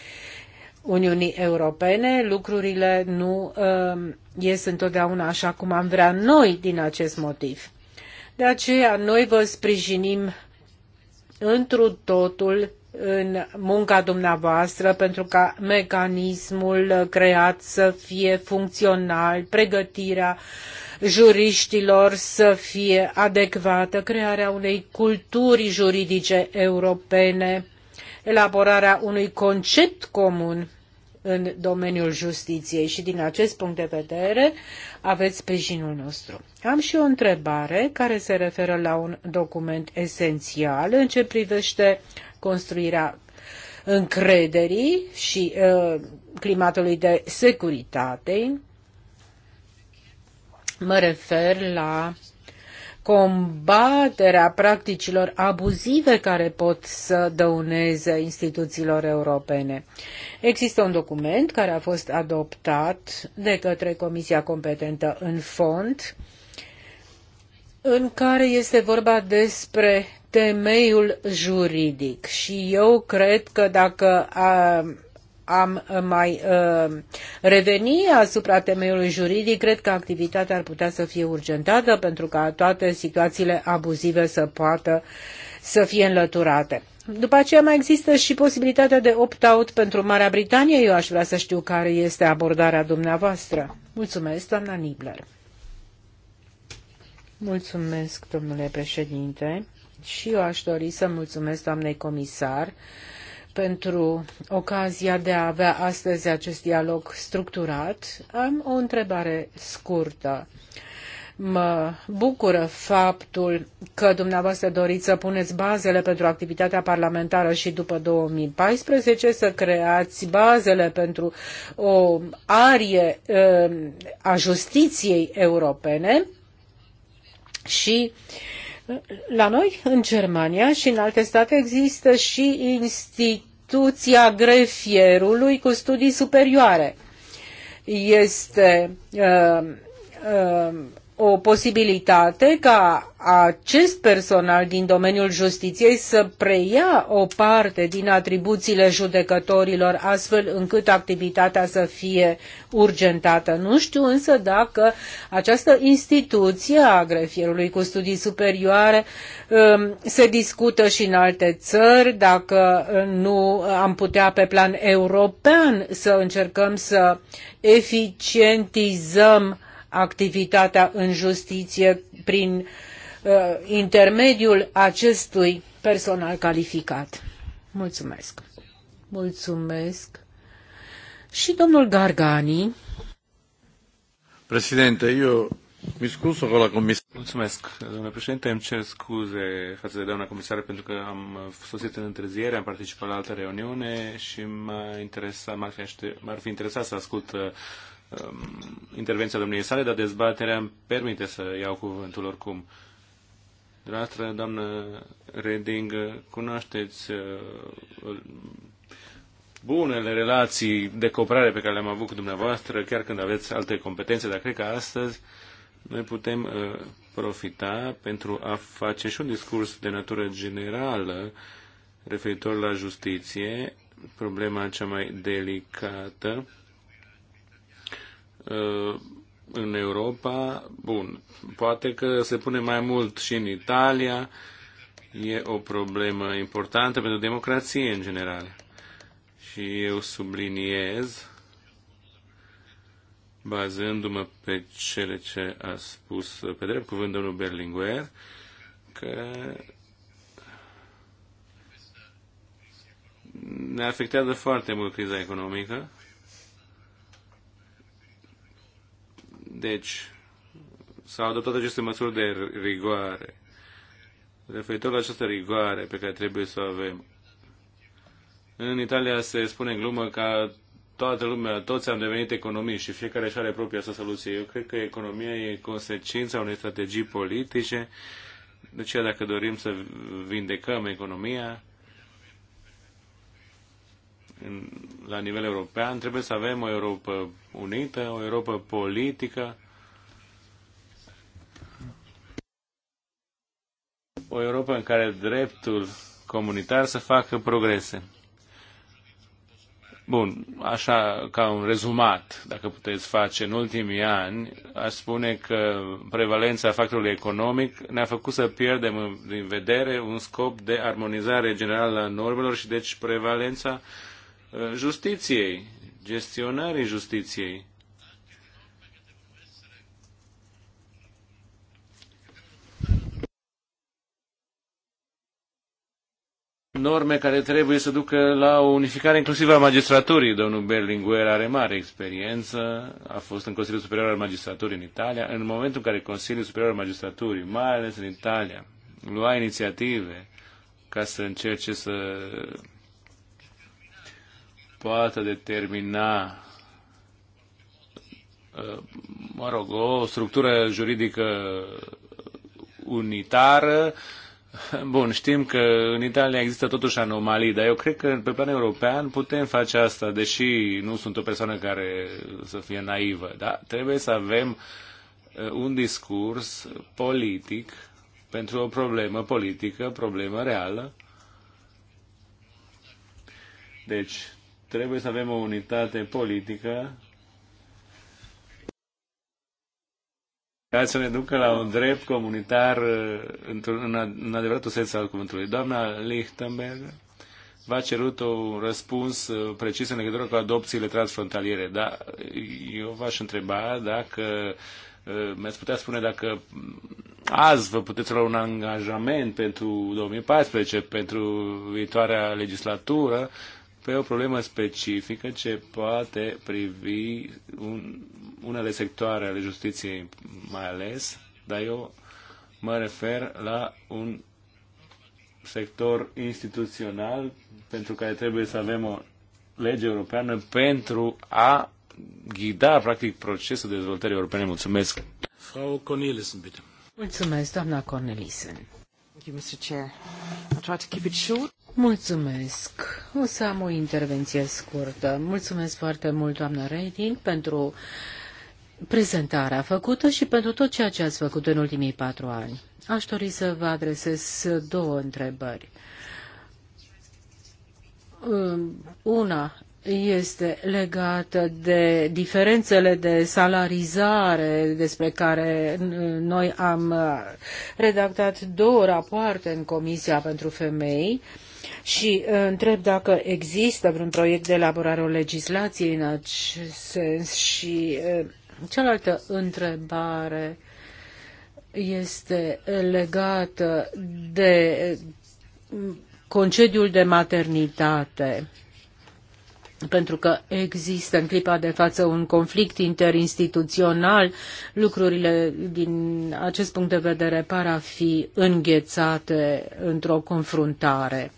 Uniunii Europene. Lucrurile nu uh, ies întotdeauna așa cum am vrea noi din acest motiv. De aceea noi vă sprijinim întru totul în munca dumneavoastră pentru ca mecanismul creat să fie funcțional, pregătirea juriștilor să fie adecvată, crearea unei culturi juridice europene, elaborarea unui concept comun în domeniul justiției și din acest punct de vedere aveți sprijinul nostru. Am și o întrebare care se referă la un document esențial în ce privește construirea încrederii și uh, climatului de securitate. Mă refer la combaterea practicilor abuzive care pot să dăuneze instituțiilor europene. Există un document care a fost adoptat de către Comisia competentă în fond, în care este vorba despre temeiul juridic și eu cred că dacă a, am mai uh, reveni asupra temeiului juridic, cred că activitatea ar putea să fie urgentată pentru ca toate situațiile abuzive să poată să fie înlăturate. După aceea mai există și posibilitatea de opt-out pentru Marea Britanie. Eu aș vrea să știu care este abordarea dumneavoastră. Mulțumesc, doamna Nibler. Mulțumesc, domnule președinte. Și eu aș dori să mulțumesc doamnei comisar pentru ocazia de a avea astăzi acest dialog structurat. Am o întrebare scurtă. Mă bucură faptul că dumneavoastră doriți să puneți bazele pentru activitatea parlamentară și după 2014 să creați bazele pentru o arie um, a justiției europene și la noi, în Germania și în alte state, există și instituții instituția grefierului cu studii superioare. Este uh, uh, o posibilitate ca acest personal din domeniul justiției să preia o parte din atribuțiile judecătorilor, astfel încât activitatea să fie urgentată. Nu știu însă dacă această instituție a grefierului cu studii superioare um, se discută și în alte țări, dacă uh, nu am putea pe plan european să încercăm să eficientizăm activitatea în justiție prin uh, intermediul acestui personal calificat. Mulțumesc. Mulțumesc. Și domnul Gargani. Președinte, eu mi scuso cu la comisie. Mulțumesc, domnule președinte. Îmi cer scuze față de doamna comisară pentru că am sosit în întârziere, am participat la altă reuniune și m-a interesat, m-ar fi, fi interesat să ascult uh, Um, intervenția domniei sale, dar dezbaterea îmi permite să iau cuvântul oricum. Dumneavoastră, doamnă Reding, cunoașteți uh, bunele relații de cooperare pe care le-am avut cu dumneavoastră, chiar când aveți alte competențe, dar cred că astăzi noi putem uh, profita pentru a face și un discurs de natură generală referitor la justiție, problema cea mai delicată Uh, în Europa, bun, poate că se pune mai mult și în Italia, e o problemă importantă pentru democrație în general. Și eu subliniez, bazându-mă pe cele ce a spus pe drept cuvânt domnul Berlinguer, că ne afectează foarte mult criza economică Deci, s-au adoptat aceste măsuri de rigoare. Referitor la această rigoare pe care trebuie să o avem. În Italia se spune în glumă că toată lumea, toți am devenit economiști și fiecare și are propria sa soluție. Eu cred că economia e consecința unei strategii politice, de deci, dacă dorim să vindecăm economia, în, la nivel european. Trebuie să avem o Europa unită, o Europa politică, o Europa în care dreptul comunitar să facă progrese. Bun, așa ca un rezumat, dacă puteți face, în ultimii ani, aș spune că prevalența factorului economic ne-a făcut să pierdem din vedere un scop de armonizare generală a normelor și deci prevalența uh, justiției, gestionării justiției. norme care trebuie să ducă la o unificare inclusivă a magistraturii. Domnul Berlinguer are mare experiență, a fost în Consiliul Superior al Magistraturii în Italia. În momentul în care Consiliul Superior al Magistraturii, mai ales în Italia, lua inițiative ca să încerce să poată determina uh, mă rog, o structură juridică unitară. Bun, știm că în Italia există totuși anomalii, dar eu cred că pe plan european putem face asta, deși nu sunt o persoană care să fie naivă, dar trebuie să avem uh, un discurs politic pentru o problemă politică, problemă reală. Deci, trebuie să avem o unitate politică ca să ne ducă la un drept comunitar uh, în adevăratul sens al cuvântului. Doamna Lichtenberg v-a cerut un răspuns uh, precis în legătură cu adopțiile transfrontaliere, dar eu v-aș întreba dacă uh, mi-ați putea spune dacă azi vă puteți lua un angajament pentru 2014, pentru viitoarea legislatură, pe o problemă specifică ce poate privi un, unele sectoare ale justiției mai ales, dar eu mă refer la un sector instituțional pentru care trebuie să avem o lege europeană pentru a ghida, practic, procesul de dezvoltare europene. Mulțumesc! Frau Cornelissen, bitte. Mulțumesc, doamna Cornelissen. Thank you, Mr. Chair. I'll try to keep it short. Mulțumesc. O să am o intervenție scurtă. Mulțumesc foarte mult, doamna Reding, pentru prezentarea făcută și pentru tot ceea ce ați făcut în ultimii patru ani. Aș dori să vă adresez două întrebări. Um, una este legată de diferențele de salarizare despre care noi am redactat două rapoarte în Comisia pentru Femei și uh, întreb dacă există vreun proiect de elaborare a legislației în acest sens și uh, cealaltă întrebare este legată de uh, concediul de maternitate pentru că există în clipa de față un conflict interinstituțional, lucrurile din acest punct de vedere par a fi înghețate într-o confruntare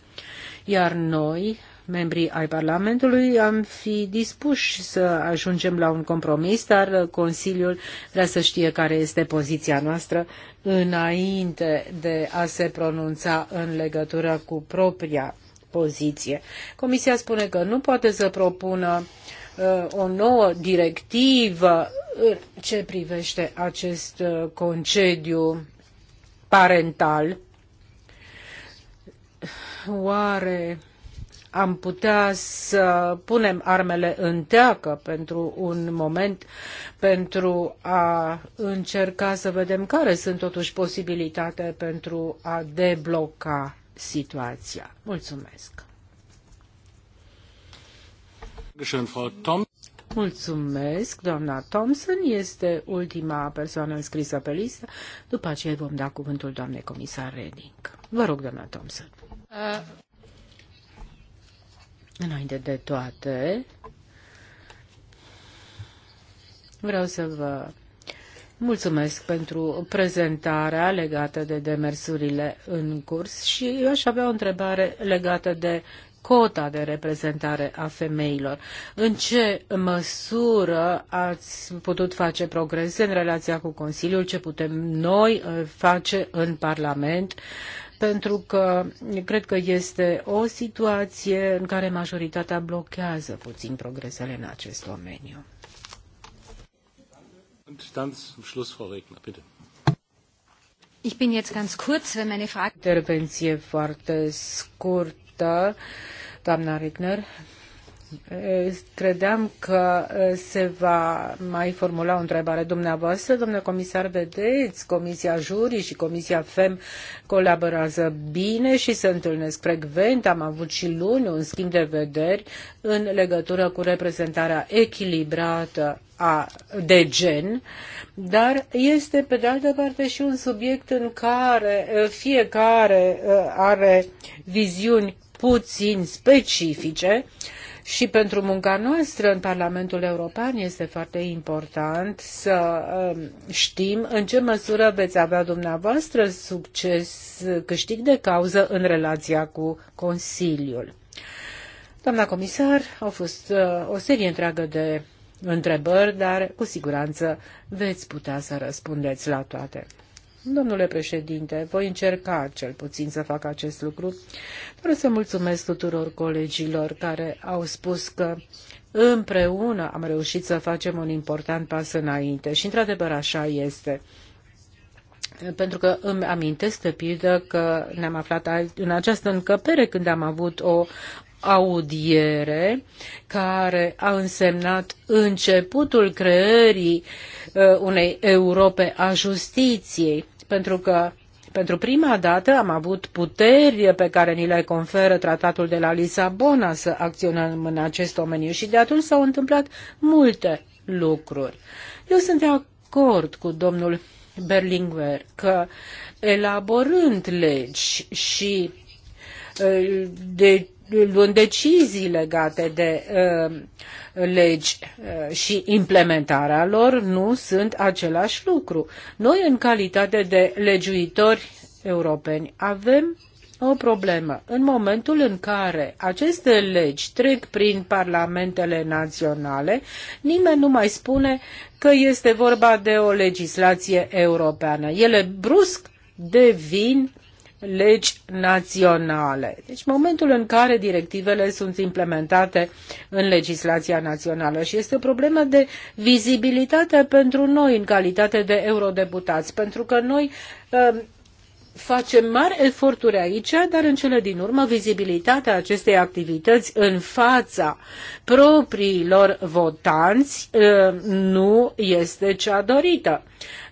iar noi, membrii ai Parlamentului, am fi dispuși să ajungem la un compromis, dar Consiliul vrea să știe care este poziția noastră înainte de a se pronunța în legătură cu propria poziție. Comisia spune că nu poate să propună uh, o nouă directivă în ce privește acest uh, concediu parental oare am putea să punem armele în teacă pentru un moment pentru a încerca să vedem care sunt totuși posibilitate pentru a debloca situația. Mulțumesc! Mulțumesc, doamna Thompson este ultima persoană înscrisă pe listă, după aceea vom da cuvântul doamnei comisar Reding. Vă rog, doamna Thompson. Uh. Înainte de toate, vreau să vă mulțumesc pentru prezentarea legată de demersurile în curs și eu aș avea o întrebare legată de cota de reprezentare a femeilor. În ce măsură ați putut face progrese în relația cu Consiliul, ce putem noi uh, face în Parlament pentru că cred că este o situație în care majoritatea blochează puțin progresele în acest domeniu. Ich bin jetzt ganz kurz, wenn meine Frage... Intervenție foarte scurtă, doamna Regner. Eh, credeam că eh, se va mai formula o întrebare dumneavoastră. Domnule comisar, vedeți, Comisia juri și Comisia FEM colaborează bine și se întâlnesc frecvent. Am avut și luni un schimb de vederi în legătură cu reprezentarea echilibrată a, de gen, dar este pe de altă parte și un subiect în care eh, fiecare are viziuni puțin specifice și pentru munca noastră în Parlamentul European este foarte important să um, știm în ce măsură veți avea dumneavoastră succes, câștig de cauză în relația cu Consiliul. Doamna comisar, au fost uh, o serie întreagă de întrebări, dar cu siguranță veți putea să răspundeți la toate. Domnule președinte, voi încerca cel puțin să fac acest lucru. Vreau să mulțumesc tuturor colegilor care au spus că împreună am reușit să facem un important pas înainte și într-adevăr așa este pentru că îmi amintesc de pildă că ne-am aflat în această încăpere când am avut o audiere care a însemnat începutul creării uh, unei Europe a justiției, pentru că pentru prima dată am avut puteri pe care ni le conferă tratatul de la Lisabona să acționăm în acest domeniu și de atunci s-au întâmplat multe lucruri. Eu sunt de acord cu domnul Berlinguer că elaborând legi și uh, de luând decizii legate de uh, legi uh, și implementarea lor nu sunt același lucru. Noi, în calitate de legiuitori europeni, avem o problemă. În momentul în care aceste legi trec prin parlamentele naționale, nimeni nu mai spune că este vorba de o legislație europeană. Ele brusc devin legi naționale. Deci momentul în care directivele sunt implementate în legislația națională și este o problemă de vizibilitate pentru noi în calitate de eurodeputați, pentru că noi um, facem mari eforturi aici, dar în cele din urmă vizibilitatea acestei activități în fața propriilor votanți um, nu este cea dorită.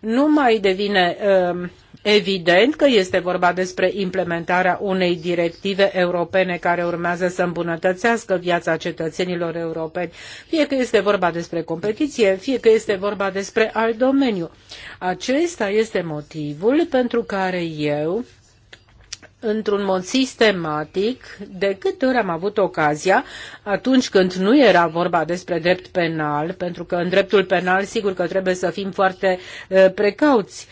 Nu mai devine uh, Evident că este vorba despre implementarea unei directive europene care urmează să îmbunătățească viața cetățenilor europeni, fie că este vorba despre competiție, fie că este vorba despre alt domeniu. Acesta este motivul pentru care eu într-un mod sistematic, de câte ori am avut ocazia, atunci când nu era vorba despre drept penal, pentru că în dreptul penal sigur că trebuie să fim foarte uh, precauți,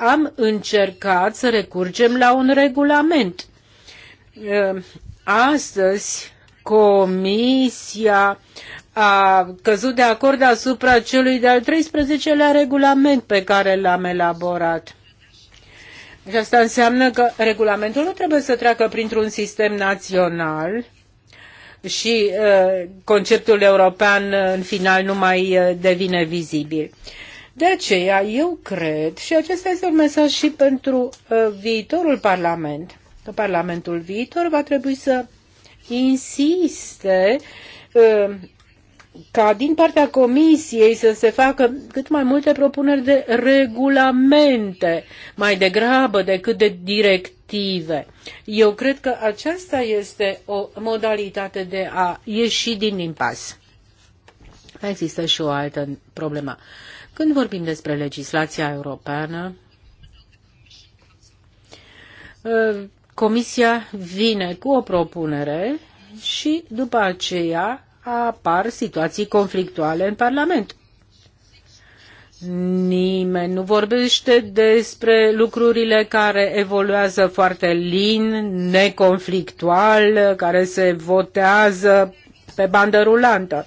am încercat să recurgem la un regulament. Uh, astăzi, Comisia a căzut de acord asupra celui de-al 13-lea regulament pe care l-am elaborat și deci asta înseamnă că regulamentul nu trebuie să treacă printr-un sistem național și uh, conceptul european uh, în final nu mai uh, devine vizibil. De aceea, eu cred, și acesta este un mesaj și pentru uh, viitorul Parlament, că Parlamentul viitor va trebui să insiste uh, ca din partea Comisiei să se facă cât mai multe propuneri de regulamente, mai degrabă decât de directive. Eu cred că aceasta este o modalitate de a ieși din impas. Există și o altă problemă. Când vorbim despre legislația europeană, uh, Comisia vine cu o propunere și după aceea apar situații conflictuale în Parlament. Nimeni nu vorbește despre lucrurile care evoluează foarte lin, neconflictual, care se votează pe bandă rulantă,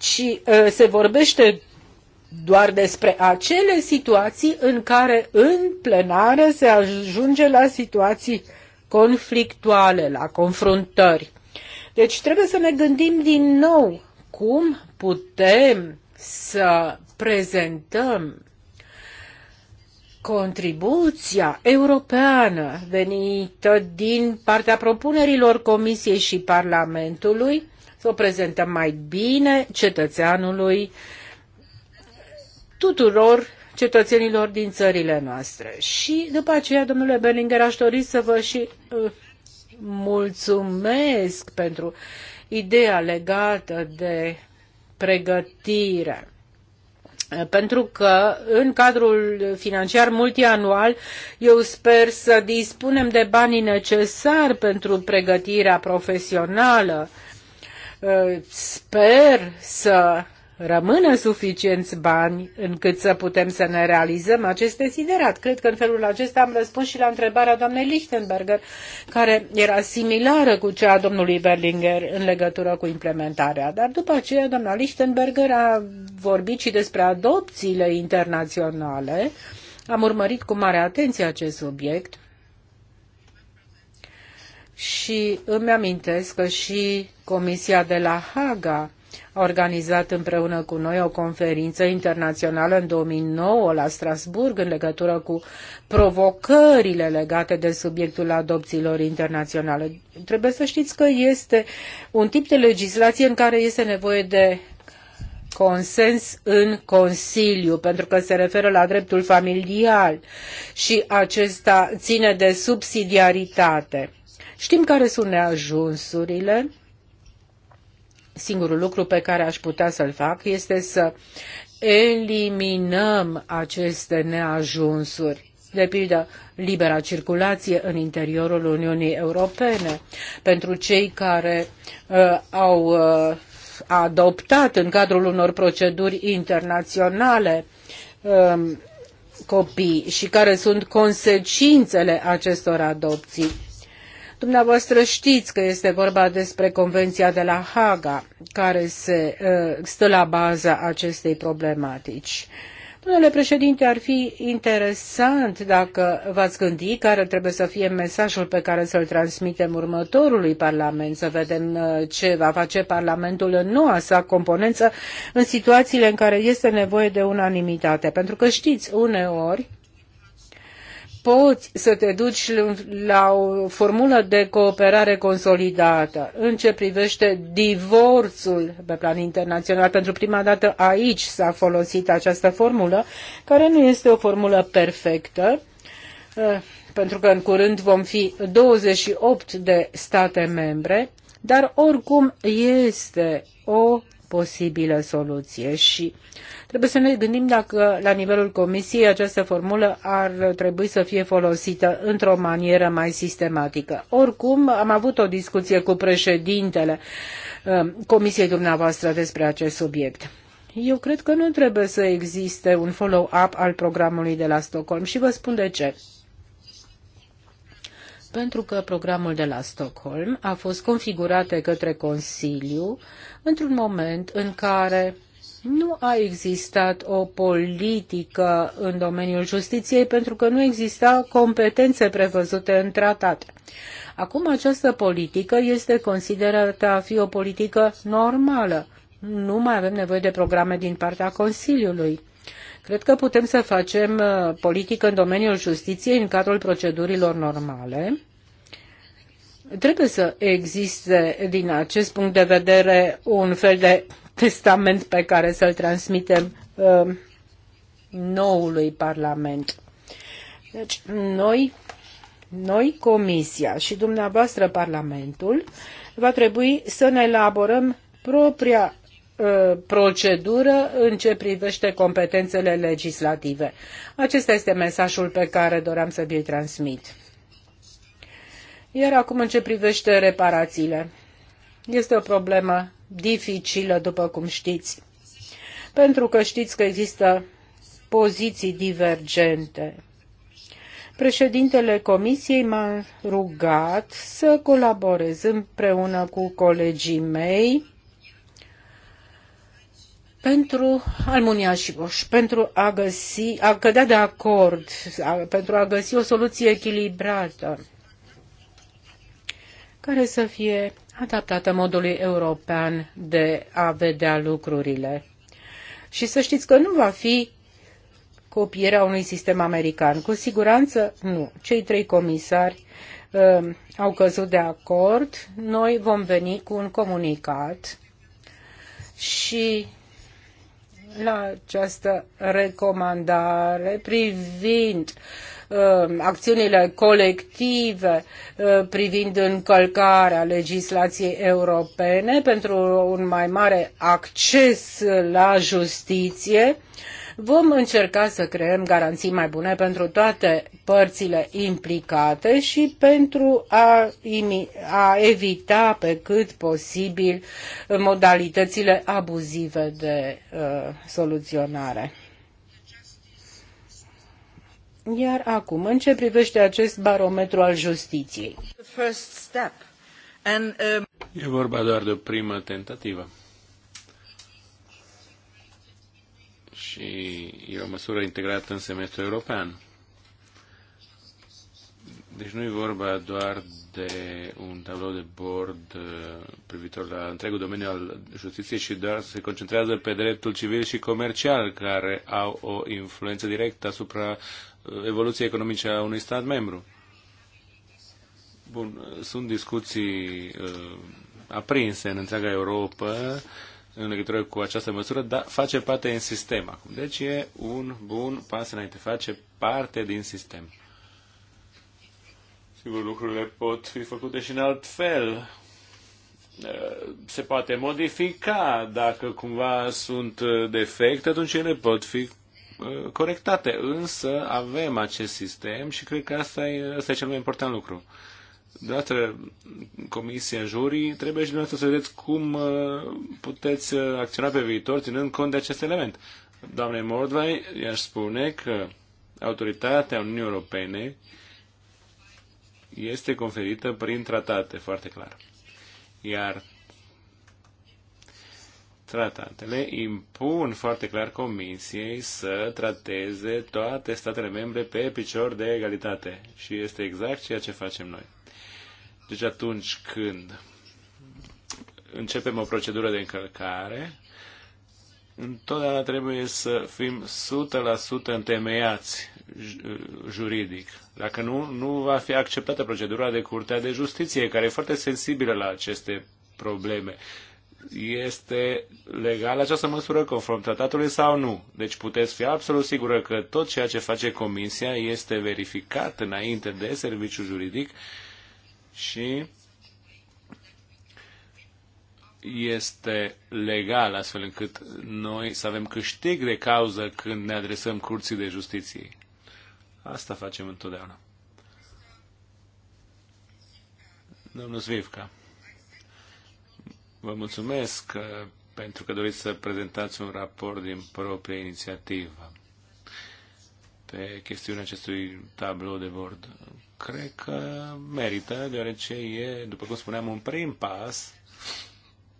ci ă, se vorbește doar despre acele situații în care în plenară se ajunge la situații conflictuale, la confruntări. Deci trebuie să ne gândim din nou cum putem să prezentăm contribuția europeană venită din partea propunerilor Comisiei și Parlamentului, să o prezentăm mai bine cetățeanului, tuturor cetățenilor din țările noastre. Și după aceea, domnule Berlinger, aș dori să vă și uh, mulțumesc pentru ideea legată de pregătire pentru că în cadrul financiar multianual eu sper să dispunem de banii necesari pentru pregătirea profesională. Sper să rămână suficienți bani încât să putem să ne realizăm acest desiderat. Cred că în felul acesta am răspuns și la întrebarea doamnei Lichtenberger, care era similară cu cea a domnului Berlinger în legătură cu implementarea. Dar după aceea, doamna Lichtenberger a vorbit și despre adopțiile internaționale. Am urmărit cu mare atenție acest subiect și îmi amintesc că și Comisia de la Haga a organizat împreună cu noi o conferință internațională în 2009 la Strasburg în legătură cu provocările legate de subiectul adopțiilor internaționale. Trebuie să știți că este un tip de legislație în care este nevoie de consens în Consiliu, pentru că se referă la dreptul familial și acesta ține de subsidiaritate. Știm care sunt neajunsurile singurul lucru pe care aș putea să-l fac este să eliminăm aceste neajunsuri de pildă libera circulație în interiorul Uniunii Europene pentru cei care uh, au uh, adoptat în cadrul unor proceduri internaționale uh, copii și care sunt consecințele acestor adopții Dumneavoastră știți că este vorba despre Convenția de la Haga, care se ă, stă la baza acestei problematici. Domnule președinte, ar fi interesant dacă v-ați gândi care trebuie să fie mesajul pe care să-l transmitem următorului Parlament, să vedem ă, ce va face Parlamentul în noua sa componență în situațiile în care este nevoie de unanimitate. Pentru că știți, uneori, poți să te duci la o formulă de cooperare consolidată. În ce privește divorțul pe plan internațional, pentru prima dată aici s-a folosit această formulă, care nu este o formulă perfectă, eh, pentru că în curând vom fi 28 de state membre, dar oricum este o posibilă soluție și trebuie să ne gândim dacă la nivelul Comisiei această formulă ar trebui să fie folosită într-o manieră mai sistematică. Oricum, am avut o discuție cu președintele um, Comisiei dumneavoastră despre acest subiect. Eu cred că nu trebuie să existe un follow-up al programului de la Stockholm și vă spun de ce pentru că programul de la Stockholm a fost configurat de către Consiliu într-un moment în care nu a existat o politică în domeniul justiției pentru că nu exista competențe prevăzute în tratat. Acum această politică este considerată a fi o politică normală. Nu mai avem nevoie de programe din partea Consiliului. Cred că putem să facem uh, politică în domeniul justiției în cadrul procedurilor normale. Trebuie să existe, din acest punct de vedere, un fel de testament pe care să-l transmitem uh, noului Parlament. Deci, noi, noi, Comisia și dumneavoastră Parlamentul, va trebui să ne elaborăm propria Uh, procedură în ce privește competențele legislative. Acesta este mesajul pe care doream să vi-l transmit. Iar acum în ce privește reparațiile. Este o problemă dificilă, după cum știți, pentru că știți că există poziții divergente. Președintele Comisiei m-a rugat să colaborez împreună cu colegii mei pentru Almunia și Goș, pentru a, găsi, a cădea de acord, a, pentru a găsi o soluție echilibrată care să fie adaptată modului european de a vedea lucrurile. Și să știți că nu va fi copierea unui sistem american. Cu siguranță nu. Cei trei comisari uh, au căzut de acord. Noi vom veni cu un comunicat și la această recomandare privind um, acțiunile colective uh, privind încălcarea legislației europene pentru un mai mare acces la justiție Vom încerca să creăm garanții mai bune pentru toate părțile implicate și pentru a, a evita pe cât posibil modalitățile abuzive de uh, soluționare. Iar acum, în ce privește acest barometru al justiției? Um, e vorba doar de o primă tentativă. și e o măsură integrată în semestrul european. Deci nu e vorba doar de un tablou de bord uh, privitor la întregul domeniu al justiției și doar se concentrează pe dreptul civil și comercial, care au o influență directă asupra uh, evoluției economice a unui stat membru. Bun, sunt discuții uh, aprinse în întreaga Europa în legătură cu această măsură, dar face parte în sistem acum. Deci e un bun pas înainte, face parte din sistem. Sigur, lucrurile pot fi făcute și în alt fel. Se poate modifica dacă cumva sunt defecte, atunci ele pot fi corectate. Însă avem acest sistem și cred că asta e, asta e cel mai important lucru dată Comisia Jurii, trebuie și dumneavoastră să vedeți cum uh, puteți uh, acționa pe viitor ținând cont de acest element. Doamne Mordvai, i-aș spune că autoritatea Uniunii Europene este conferită prin tratate, foarte clar. Iar Tratantele impun foarte clar Comisiei să trateze toate statele membre pe picior de egalitate. Și este exact ceea ce facem noi. Deci atunci când începem o procedură de încălcare, întotdeauna trebuie să fim 100% întemeiați juridic. Dacă nu, nu va fi acceptată procedura de Curtea de Justiție, care e foarte sensibilă la aceste probleme este legală această măsură conform tratatului sau nu. Deci puteți fi absolut sigură că tot ceea ce face Comisia este verificat înainte de serviciul juridic și este legal, astfel încât noi să avem câștig de cauză când ne adresăm curții de justiție. Asta facem întotdeauna. Domnul Zvivka. Vă mulțumesc uh, pentru că doriți să prezentați un raport din proprie inițiativă pe chestiunea acestui tablou de bord. Cred că merită, deoarece e, după cum spuneam, un prim pas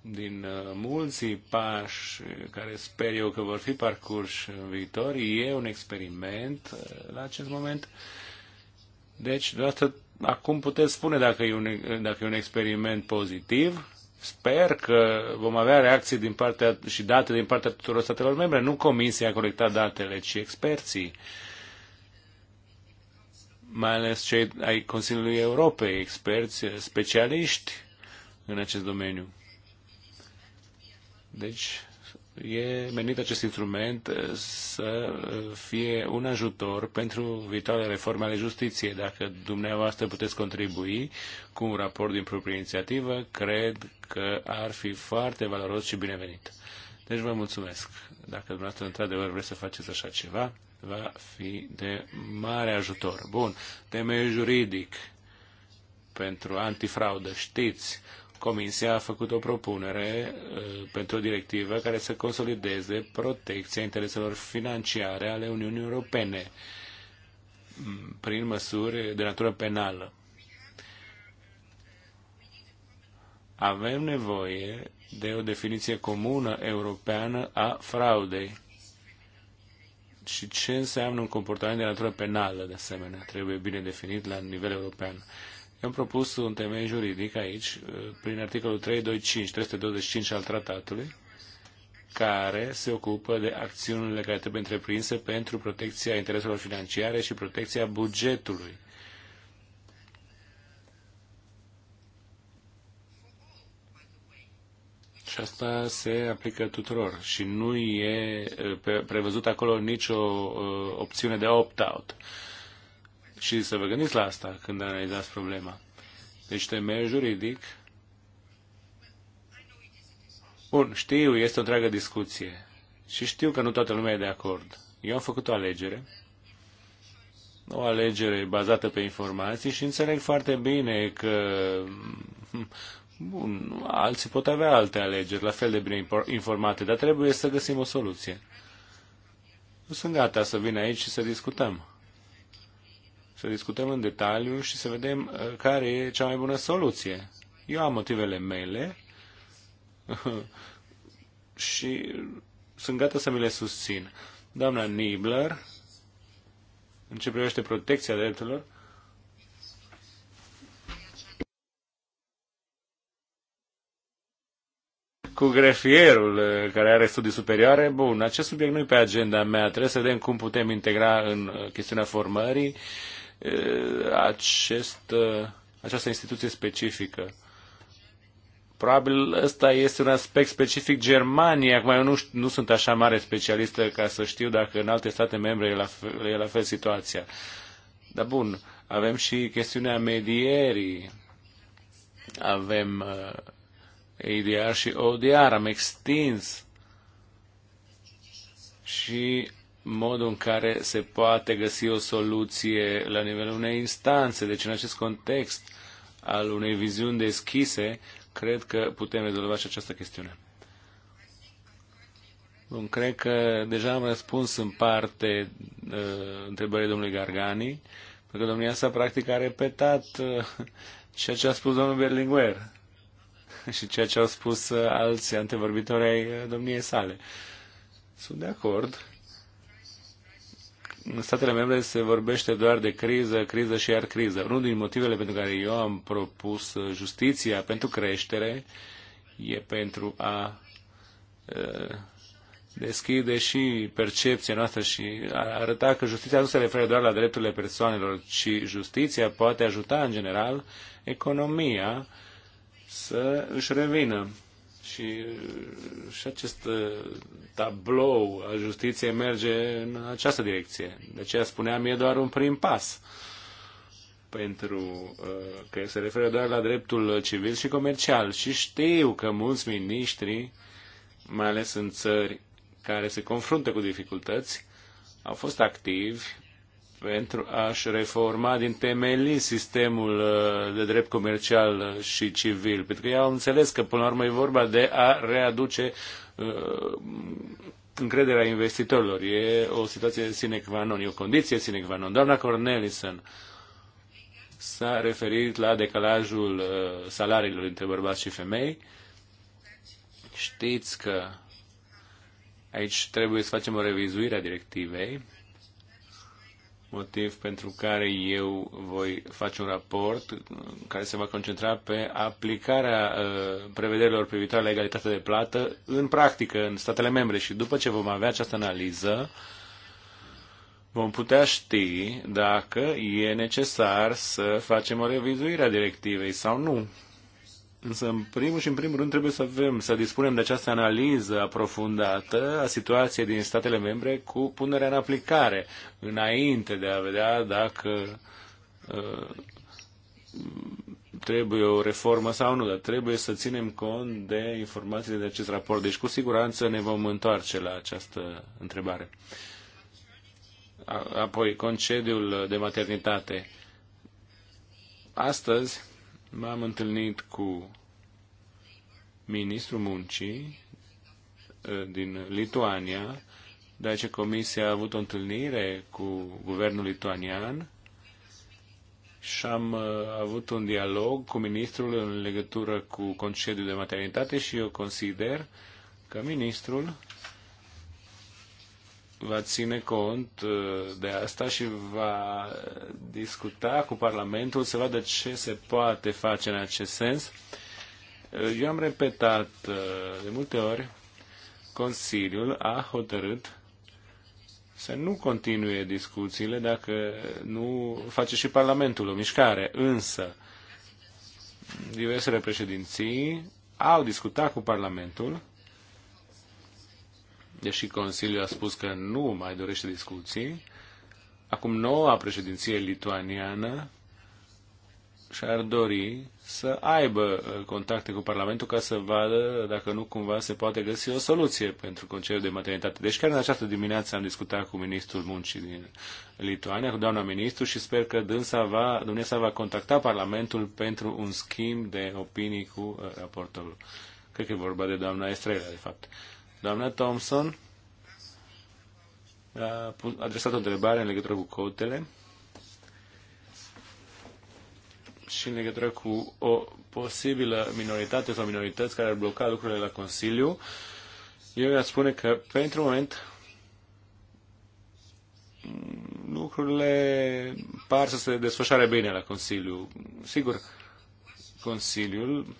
din uh, mulții pași care sper eu că vor fi parcurși în viitor. E un experiment uh, la acest moment. Deci, deodată, acum puteți spune dacă e un, dacă e un experiment pozitiv Sper că vom avea reacții din partea, și date din partea tuturor statelor membre. Nu Comisia a colectat datele, ci experții, mai ales cei ai Consiliului Europei, experți, specialiști în acest domeniu. Deci, e menit acest instrument să fie un ajutor pentru viitoarele reforme ale justiției. Dacă dumneavoastră puteți contribui cu un raport din proprie inițiativă, cred că ar fi foarte valoros și binevenit. Deci vă mulțumesc. Dacă dumneavoastră într-adevăr vreți să faceți așa ceva, va fi de mare ajutor. Bun. Temeiul juridic pentru antifraudă. Știți, Comisia a făcut o propunere uh, pentru o directivă care să consolideze protecția intereselor financiare ale Uniunii Europene prin măsuri de natură penală. Avem nevoie de o definiție comună europeană a fraudei și ce înseamnă un comportament de natură penală, de asemenea, trebuie bine definit la nivel european am propus un temei juridic aici, uh, prin articolul 325, 325 al tratatului, care se ocupă de acțiunile care trebuie întreprinse pentru protecția intereselor financiare și protecția bugetului. Și asta se aplică tuturor și nu e uh, prevăzut acolo nicio uh, opțiune de opt-out și să vă gândiți la asta când analizați problema. Deci temeiul juridic. Bun, știu, este o întreagă discuție. Și știu că nu toată lumea e de acord. Eu am făcut o alegere, o alegere bazată pe informații și înțeleg foarte bine că bun, alții pot avea alte alegeri, la fel de bine informate, dar trebuie să găsim o soluție. Eu sunt gata să vin aici și să discutăm să discutăm în detaliu și să vedem uh, care e cea mai bună soluție. Eu am motivele mele și sunt gata să mi le susțin. Doamna Nibler, în ce privește protecția drepturilor, cu grefierul uh, care are studii superioare. Bun, acest subiect nu e pe agenda mea. Trebuie să vedem cum putem integra în uh, chestiunea formării Uh, acest, uh, această instituție specifică. Probabil ăsta este un aspect specific Germaniei. Acum eu nu, nu sunt așa mare specialistă ca să știu dacă în alte state membre e la, fel, e la fel situația. Dar bun, avem și chestiunea medierii. Avem uh, ADR și ODR. Am extins și modul în care se poate găsi o soluție la nivelul unei instanțe. Deci, în acest context al unei viziuni deschise, cred că putem rezolva și această chestiune. Bun, cred că deja am răspuns în parte uh, întrebării domnului Gargani, pentru că domnia sa practic a repetat uh, ceea ce a spus domnul Berlinguer și ceea ce au spus uh, alți antevorbitori ai uh, domniei sale. Sunt de acord în statele membre se vorbește doar de criză, criză și iar criză. Unul din motivele pentru care eu am propus justiția pentru creștere e pentru a deschide și percepția noastră și a arăta că justiția nu se referă doar la drepturile persoanelor, ci justiția poate ajuta în general economia să își revină. Și, uh, și acest uh, tablou al justiției merge în această direcție. De aceea spuneam, e doar un prim pas pentru uh, că se referă doar la dreptul civil și comercial. Și știu că mulți miniștri, mai ales în țări care se confruntă cu dificultăți, au fost activi pentru a-și reforma din temelii sistemul uh, de drept comercial uh, și civil. Pentru că ei au înțeles că, până la urmă, e vorba de a readuce uh, încrederea investitorilor. E o situație sine qua non, e o condiție sine qua non. Doamna Cornelison s-a referit la decalajul salariilor între bărbați și femei. Știți că aici trebuie să facem o revizuire a directivei motiv pentru care eu voi face un raport care se va concentra pe aplicarea uh, prevederilor privitoare la egalitatea de plată în practică în statele membre și după ce vom avea această analiză, vom putea ști dacă e necesar să facem o revizuire a directivei sau nu. Însă, în primul și în primul rând, trebuie să avem, să dispunem de această analiză aprofundată a situației din statele membre cu punerea în aplicare, înainte de a vedea dacă uh, trebuie o reformă sau nu, dar trebuie să ținem cont de informațiile de acest raport. Deci, cu siguranță, ne vom întoarce la această întrebare. Apoi, concediul de maternitate. Astăzi, m-am întâlnit cu ministrul muncii ă, din Lituania, deoarece Comisia a avut o întâlnire cu guvernul lituanian și am ă, avut un dialog cu ministrul în legătură cu concediul de maternitate și eu consider că ministrul va ține cont uh, de asta și va discuta cu Parlamentul să vadă ce se poate face în acest sens. Uh, eu am repetat uh, de multe ori, Consiliul a hotărât să nu continue discuțiile dacă nu face și Parlamentul o mișcare. Însă, diversele președinții au discutat cu Parlamentul deși Consiliul a spus că nu mai dorește discuții, acum noua președinție lituaniană și-ar dori să aibă uh, contacte cu Parlamentul ca să vadă dacă nu cumva se poate găsi o soluție pentru concediul de maternitate. Deci chiar în această dimineață am discutat cu ministrul muncii din Lituania, cu doamna ministru și sper că dânsa va, dumneavoastră va contacta Parlamentul pentru un schimb de opinii cu uh, raportorul. Cred că e vorba de doamna Estrela, de fapt. Doamna Thompson a adresat o întrebare în legătură cu cotele și în legătură cu o posibilă minoritate sau minorități care ar bloca lucrurile la Consiliu. Eu i-aș spune că, pentru moment, lucrurile par să se desfășoare bine la Consiliu. Sigur, Consiliul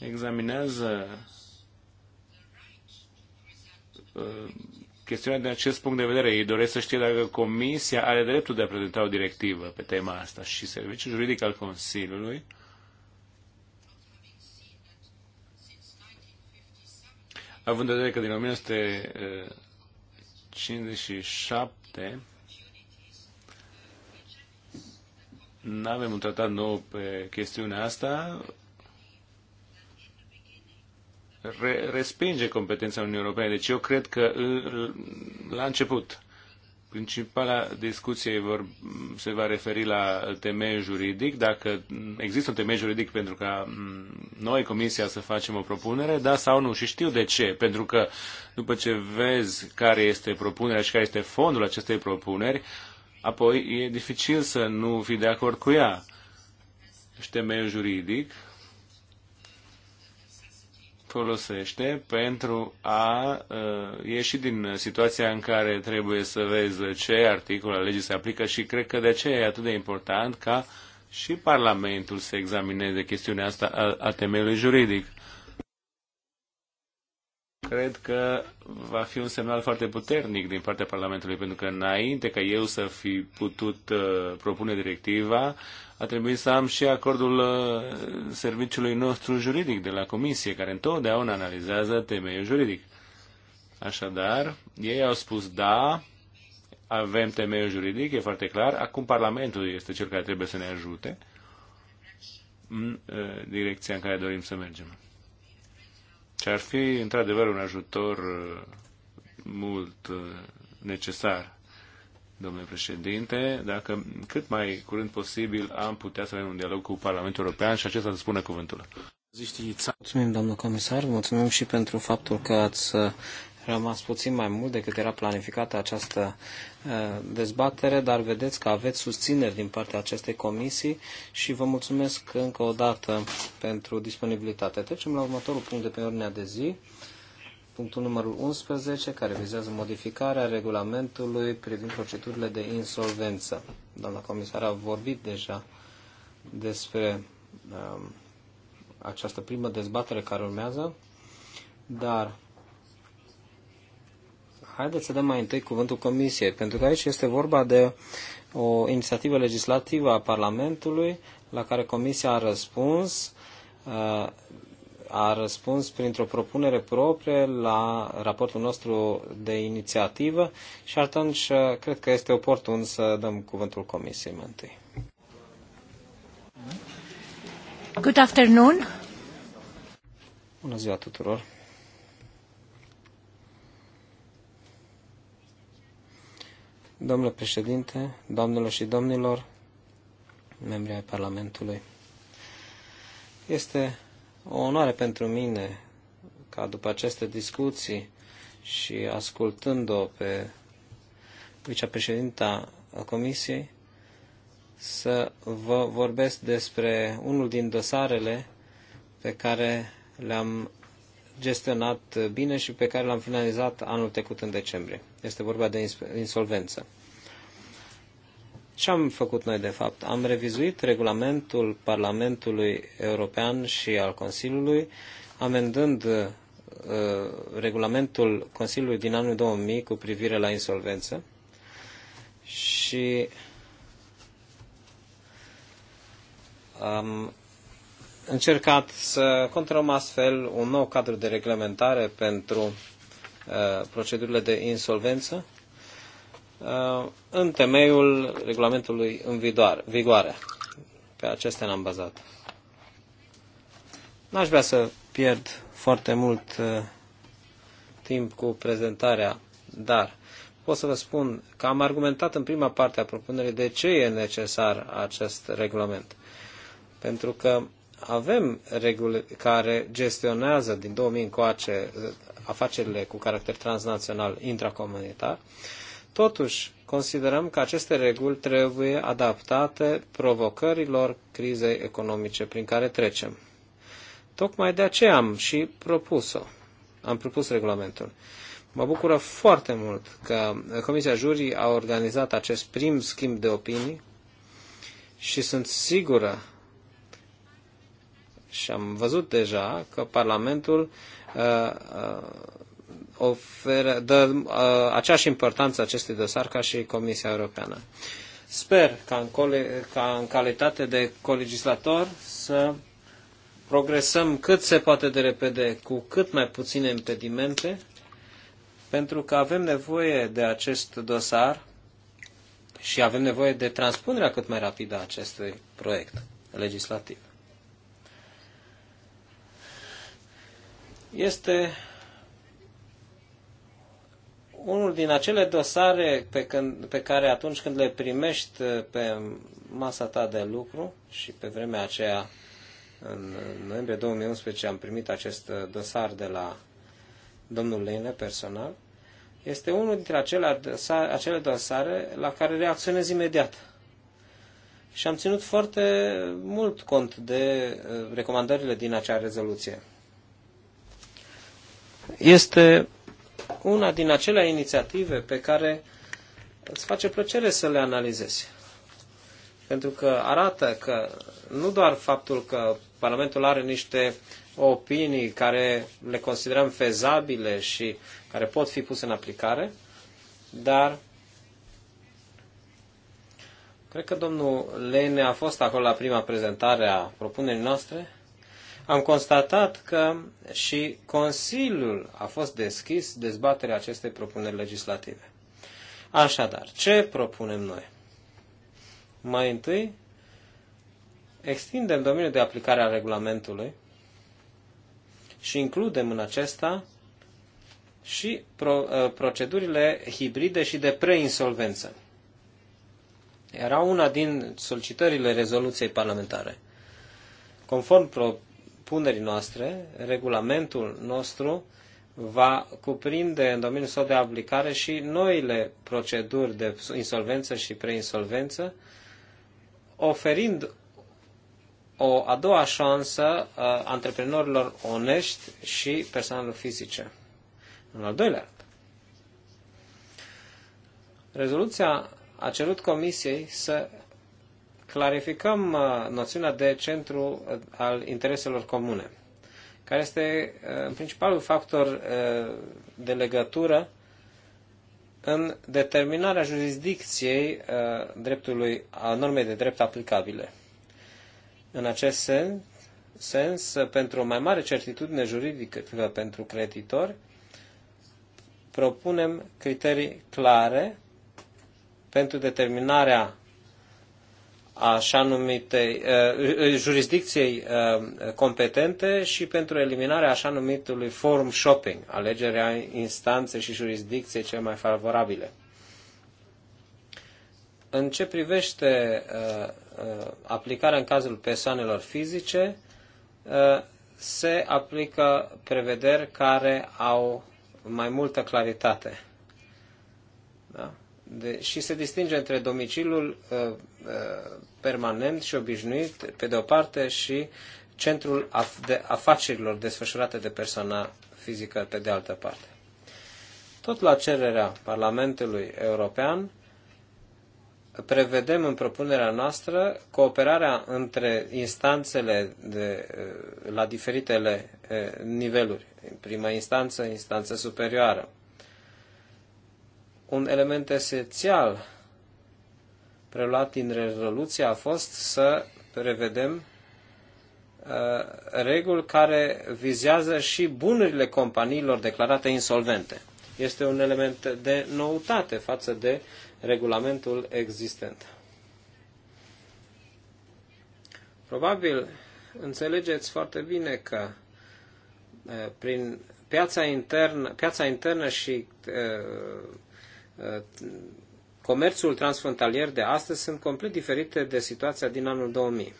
examinează chestiunea de acest punct de vedere. Ei doresc să știe dacă Comisia are dreptul de a prezenta o directivă pe tema asta și Serviciul Juridic al Consiliului având în vedere că din 1957 nu avem un tratat nou pe chestiunea asta, re- respinge competența Uniunii Europene. Deci eu cred că la început principala discuție vor, se va referi la temei juridic, dacă există un temei juridic pentru ca noi, Comisia, să facem o propunere, da sau nu. Și știu de ce, pentru că după ce vezi care este propunerea și care este fondul acestei propuneri, apoi e dificil să nu fii de acord cu ea. Și deci temeiul juridic folosește pentru a uh, ieși din situația în care trebuie să vezi ce articol al legii se aplică și cred că de aceea e atât de important ca și Parlamentul să examineze chestiunea asta a, a temeiului juridic cred că va fi un semnal foarte puternic din partea Parlamentului, pentru că înainte ca eu să fi putut uh, propune directiva, a trebuit să am și acordul uh, serviciului nostru juridic de la Comisie, care întotdeauna analizează temeiul juridic. Așadar, ei au spus da, avem temeiul juridic, e foarte clar, acum Parlamentul este cel care trebuie să ne ajute în uh, direcția în care dorim să mergem. Ce ar fi într-adevăr un ajutor uh, mult uh, necesar, domnule președinte, dacă cât mai curând posibil am putea să avem un dialog cu Parlamentul European și acesta să spună cuvântul. Mulțumim, doamnă comisar, mulțumim și pentru faptul că ați rămas puțin mai mult decât era planificată această uh, dezbatere, dar vedeți că aveți susțineri din partea acestei comisii și vă mulțumesc încă o dată pentru disponibilitate. Trecem la următorul punct de pe ordinea de zi, punctul numărul 11, care vizează modificarea regulamentului privind procedurile de insolvență. Doamna comisar a vorbit deja despre um, această primă dezbatere care urmează, dar Haideți să dăm mai întâi cuvântul Comisiei, pentru că aici este vorba de o inițiativă legislativă a Parlamentului la care Comisia a răspuns, a răspuns printr-o propunere proprie la raportul nostru de inițiativă și atunci cred că este oportun să dăm cuvântul Comisiei mai întâi. Good afternoon. Bună ziua tuturor. Domnule președinte, doamnelor și domnilor, membri ai Parlamentului, este o onoare pentru mine ca după aceste discuții și ascultând-o pe vicepreședinta Comisiei, să vă vorbesc despre unul din dosarele pe care le-am gestionat bine și pe care l-am finalizat anul trecut în decembrie. Este vorba de insolvență. Ce am făcut noi, de fapt? Am revizuit regulamentul Parlamentului European și al Consiliului, amendând uh, regulamentul Consiliului din anul 2000 cu privire la insolvență și am încercat să controlăm astfel un nou cadru de reglementare pentru uh, procedurile de insolvență uh, în temeiul regulamentului în vigoare. Pe acestea ne-am bazat. N-aș vrea să pierd foarte mult uh, timp cu prezentarea, dar pot să vă spun că am argumentat în prima parte a propunerii de ce e necesar acest regulament. Pentru că avem reguli care gestionează din 2000 încoace uh, afacerile cu caracter transnațional intracomunitar, totuși considerăm că aceste reguli trebuie adaptate provocărilor crizei economice prin care trecem. Tocmai de aceea am și propus-o. Am propus regulamentul. Mă bucură foarte mult că Comisia Jurii a organizat acest prim schimb de opinii și sunt sigură și am văzut deja că Parlamentul uh, uh, oferă, dă uh, aceeași importanță acestui dosar ca și Comisia Europeană. Sper ca în, cole, ca în calitate de colegislator să progresăm cât se poate de repede, cu cât mai puține impedimente, pentru că avem nevoie de acest dosar și avem nevoie de transpunerea cât mai rapidă a acestui proiect legislativ. este unul din acele dosare pe, când, pe care atunci când le primești uh, pe masa ta de lucru și pe vremea aceea în noiembrie 2011 am primit acest uh, dosar de la domnul Leine personal, este unul dintre acele dosare, acele dosare la care reacționez imediat. Și am ținut foarte mult cont de uh, recomandările din acea rezoluție este una din acele inițiative pe care îți face plăcere să le analizezi. Pentru că arată că nu doar faptul că Parlamentul are niște opinii care le considerăm fezabile și care pot fi puse în aplicare, dar cred că domnul Lene a fost acolo la prima prezentare a propunerii noastre am constatat că și Consiliul a fost deschis dezbaterea acestei propuneri legislative. Așadar, ce propunem noi? Mai întâi, extindem domeniul de aplicare a regulamentului și includem în acesta și pro, uh, procedurile hibride și de preinsolvență. Era una din solicitările rezoluției parlamentare. Conform pro, punerii noastre, regulamentul nostru va cuprinde în domeniul său de aplicare și noile proceduri de insolvență și preinsolvență, oferind o a doua șansă uh, antreprenorilor onești și persoanelor fizice. În al doilea rând, rezoluția a cerut Comisiei să clarificăm uh, noțiunea de centru uh, al intereselor comune, care este uh, principalul factor de legătură în determinarea jurisdicției dreptului, a normei de drept aplicabile. În acest sens, sens, pentru o mai mare certitudine juridică pentru creditori, propunem criterii clare pentru determinarea așa numite uh, uh, jurisdicției uh, competente și pentru eliminarea așa numitului forum shopping, alegerea instanței și jurisdicției cele mai favorabile. În ce privește uh, uh aplicarea în cazul persoanelor fizice, uh, se aplică prevederi care au mai multă claritate. Da? de, și se distinge între domiciliul uh, uh, permanent și obișnuit, pe de o parte, și centrul af- de afacerilor desfășurate de persoana fizică, pe de altă parte. Tot la cererea Parlamentului European, prevedem în propunerea noastră cooperarea între instanțele de, uh, la diferitele uh, niveluri. prima instanță, instanță superioară, un element esențial preluat din rezoluție a fost să prevedem uh, reguli care vizează și bunurile companiilor declarate insolvente. Este un element de noutate față de regulamentul existent. Probabil înțelegeți foarte bine că uh, prin piața internă, piața internă și uh, Uh, comerțul transfrontalier de astăzi sunt complet diferite de situația din anul 2000.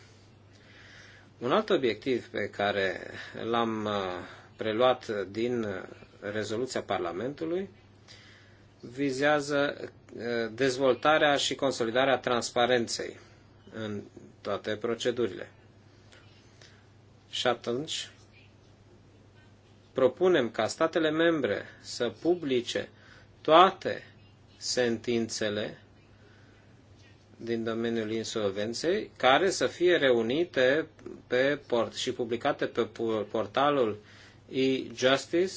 Un alt obiectiv pe care l-am uh, preluat din rezoluția Parlamentului vizează uh, dezvoltarea și consolidarea transparenței în toate procedurile. Și atunci propunem ca statele membre să publice toate sentințele din domeniul insolvenței, care să fie reunite pe port și publicate pe portalul e-justice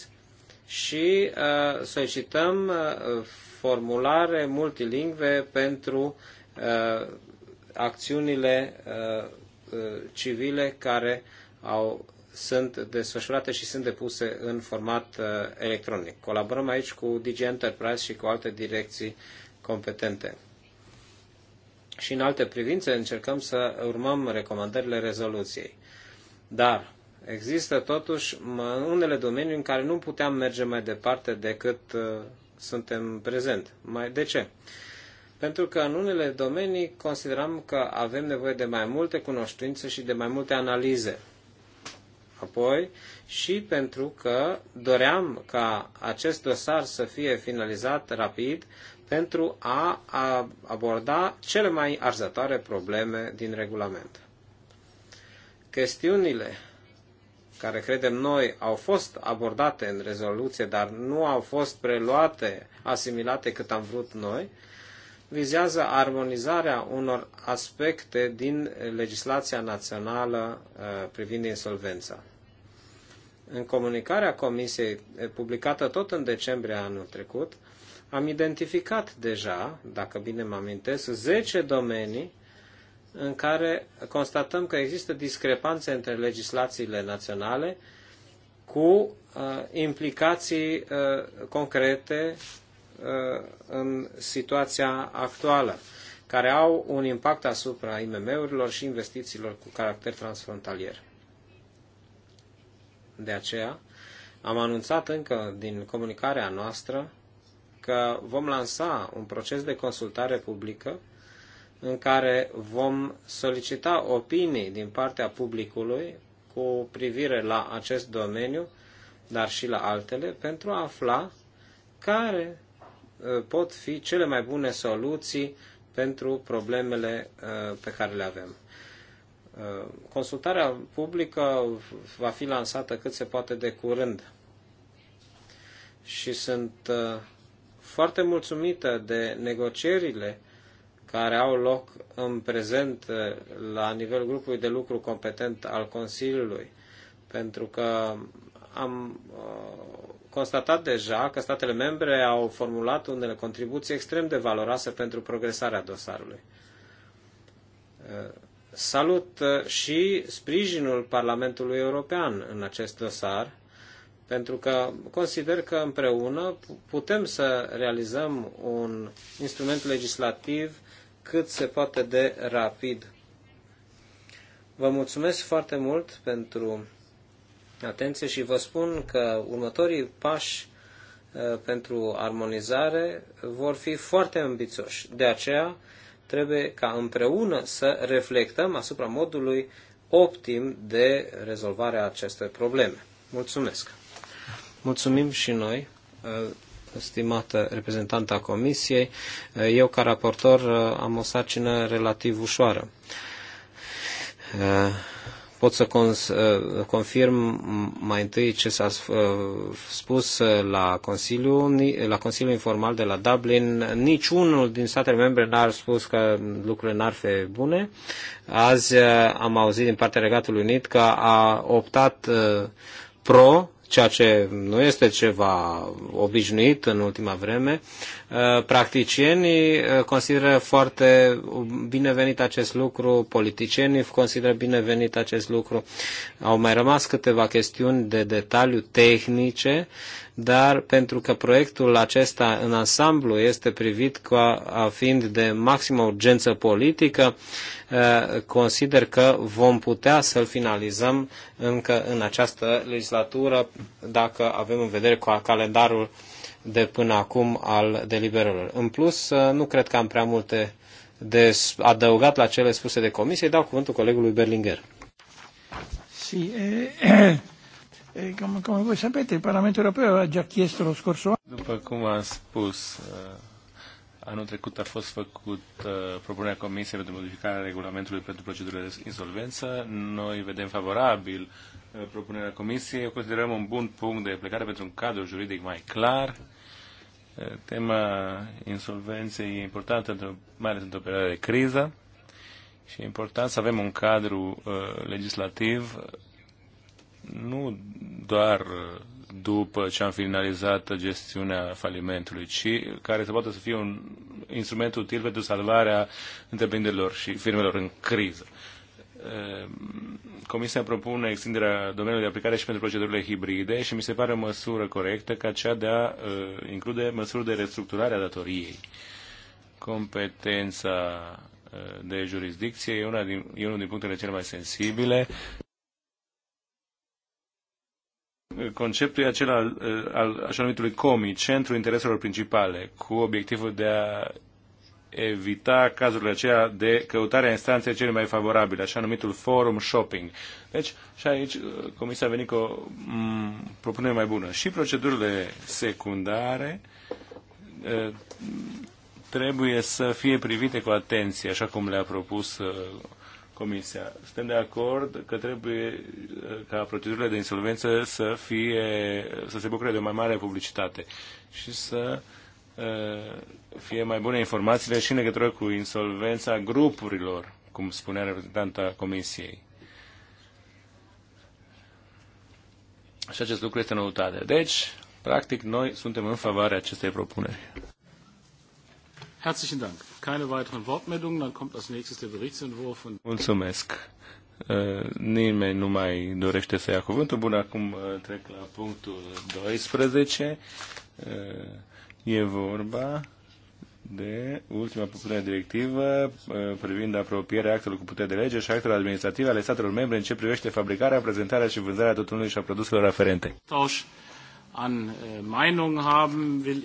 și uh, solicităm uh, formulare multilingve pentru uh, acțiunile uh, uh civile care au sunt desfășurate și sunt depuse în format uh, electronic. Colaborăm aici cu DG Enterprise și cu alte direcții competente. Și în alte privințe încercăm să urmăm recomandările rezoluției. Dar există totuși unele domenii în care nu puteam merge mai departe decât uh, suntem prezent. Mai, de ce? Pentru că în unele domenii considerăm că avem nevoie de mai multe cunoștințe și de mai multe analize apoi și pentru că doream ca acest dosar să fie finalizat rapid pentru a aborda cele mai arzătoare probleme din regulament. Chestiunile care credem noi au fost abordate în rezoluție, dar nu au fost preluate, asimilate cât am vrut noi, vizează armonizarea unor aspecte din legislația națională uh, privind insolvența. În comunicarea Comisiei publicată tot în decembrie anul trecut, am identificat deja, dacă bine mă amintesc, 10 domenii în care constatăm că există discrepanțe între legislațiile naționale cu uh, implicații uh, concrete Uh, în situația actuală, care au un impact asupra IMM-urilor și investițiilor cu caracter transfrontalier. De aceea, am anunțat încă din comunicarea noastră că vom lansa un proces de consultare publică în care vom solicita opinii din partea publicului cu privire la acest domeniu, dar și la altele, pentru a afla care Uh, pot fi cele mai bune soluții pentru problemele uh, pe care le avem. Uh, consultarea publică va fi lansată cât se poate de curând și sunt foarte mulțumită de negocierile care au loc în prezent la nivel grupului de lucru competent al Consiliului, pentru că am constatat deja că statele membre au formulat unele contribuții extrem de valoroase pentru progresarea dosarului. Uh, salut uh, și sprijinul Parlamentului European în acest dosar, pentru că consider că împreună putem să realizăm un instrument legislativ cât se poate de rapid. Vă mulțumesc foarte mult pentru atenție și vă spun că următorii pași uh, pentru armonizare vor fi foarte ambițioși. De aceea trebuie ca împreună să reflectăm asupra modului optim de rezolvare a acestor probleme. Mulțumesc! Mulțumim și noi, uh, stimată reprezentanta Comisiei. Uh, eu, ca raportor, am o sarcină relativ ușoară pot să uh, confirm mai întâi ce s-a uh, spus la Consiliu, la Consiliul Informal de la Dublin. Niciunul din statele membre n-ar spus că lucrurile n-ar fi bune. Azi uh, am auzit din partea Regatului Unit că a optat pro ceea ce nu este ceva obișnuit în ultima vreme, uh, practicienii uh, consideră foarte binevenit acest lucru, politicienii consideră binevenit acest lucru. Au mai rămas câteva chestiuni de detaliu tehnice dar pentru că proiectul acesta în ansamblu este privit ca fiind de maximă urgență politică, eh, consider că vom putea să-l finalizăm încă în această legislatură, dacă avem în vedere cu calendarul de până acum al deliberărilor. În plus, eh, nu cred că am prea multe de adăugat la cele spuse de comisie, dau cuvântul colegului Berlinger. Sí, eh, come, come voi sapete, il Parlamento europeo aveva già chiesto lo scorso anno. După cum am spus, eh, anul trecut a fost făcut eh, propunerea Comisiei pentru modificarea regulamentului pentru procedurile de insolvență. Noi vedem favorabil eh, propunerea Comisiei. O considerăm un bun punct de plecare pentru un cadru juridic mai clar. Tema insolvenței e importantă, mai ales într-o perioadă de criză. Și e important să avem un cadru uh, legislativ nu doar după ce am finalizat gestiunea falimentului, ci care să poată să fie un instrument util pentru salvarea întreprinderilor și firmelor în criză. Ehm, Comisia propune extinderea domeniului de aplicare și pentru procedurile hibride și mi se pare o măsură corectă ca cea de a ehm, include măsuri de restructurare a datoriei. Competența ehm, de jurisdicție e, una din, e unul din punctele cele mai sensibile conceptul e acela al, eh, al așa numitului COMI, Centrul Intereselor Principale, cu obiectivul de a evita cazurile acelea de căutarea instanței cele mai favorabile, așa numitul forum shopping. Deci, și aici eh, Comisia a venit cu o mm, propunere mai bună. Și procedurile secundare eh, trebuie să fie privite cu atenție, așa cum le-a propus Comisia. Suntem de acord că trebuie uh, ca procedurile de insolvență să fie, să se bucure de o mai mare publicitate și să uh, fie mai bune informațiile și în legătură cu insolvența grupurilor, cum spunea reprezentanta Comisiei. Și acest lucru este noutate. Deci, practic, noi suntem în favoarea acestei propuneri. Herzlichen Dank. Keine weiteren Wortmeldungen. Dann kommt als nächstes der Berichtsentwurf. Und Mulțumesc. Uh, nimeni nu mai dorește să ia cuvântul. Bun, acum uh, trec la punctul 12. Uh, e vorba de ultima propunere directivă privind apropierea actelor cu putere de lege și actelor administrative ale statelor membre în ce privește fabricarea, prezentarea și vânzarea tutunului și a produselor aferente. Äh,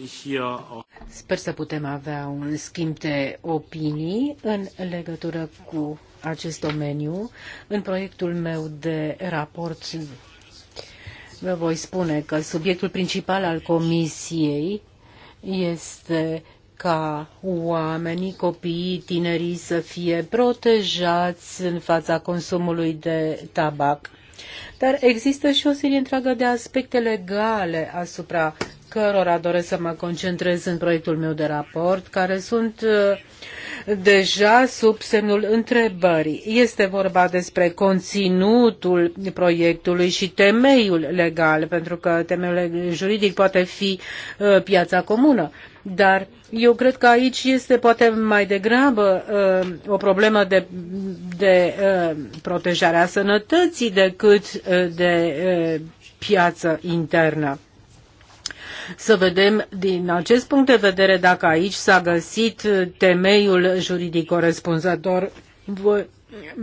Sper să putem avea un schimb de opinii în legătură cu acest domeniu. În proiectul meu de raport vă voi spune că subiectul principal al Comisiei este ca oamenii, copiii, tinerii să fie protejați în fața consumului de tabac dar există și o serie întreagă de aspecte legale asupra cărora doresc să mă concentrez în proiectul meu de raport, care sunt uh, deja sub semnul întrebării. Este vorba despre conținutul proiectului și temeiul legal, pentru că temeiul juridic poate fi uh, piața comună dar eu cred că aici este poate mai degrabă uh, o problemă de, de uh, protejarea sănătății decât uh, de uh, piață internă. Să vedem din acest punct de vedere dacă aici s-a găsit uh, temeiul juridic corespunzător. Voi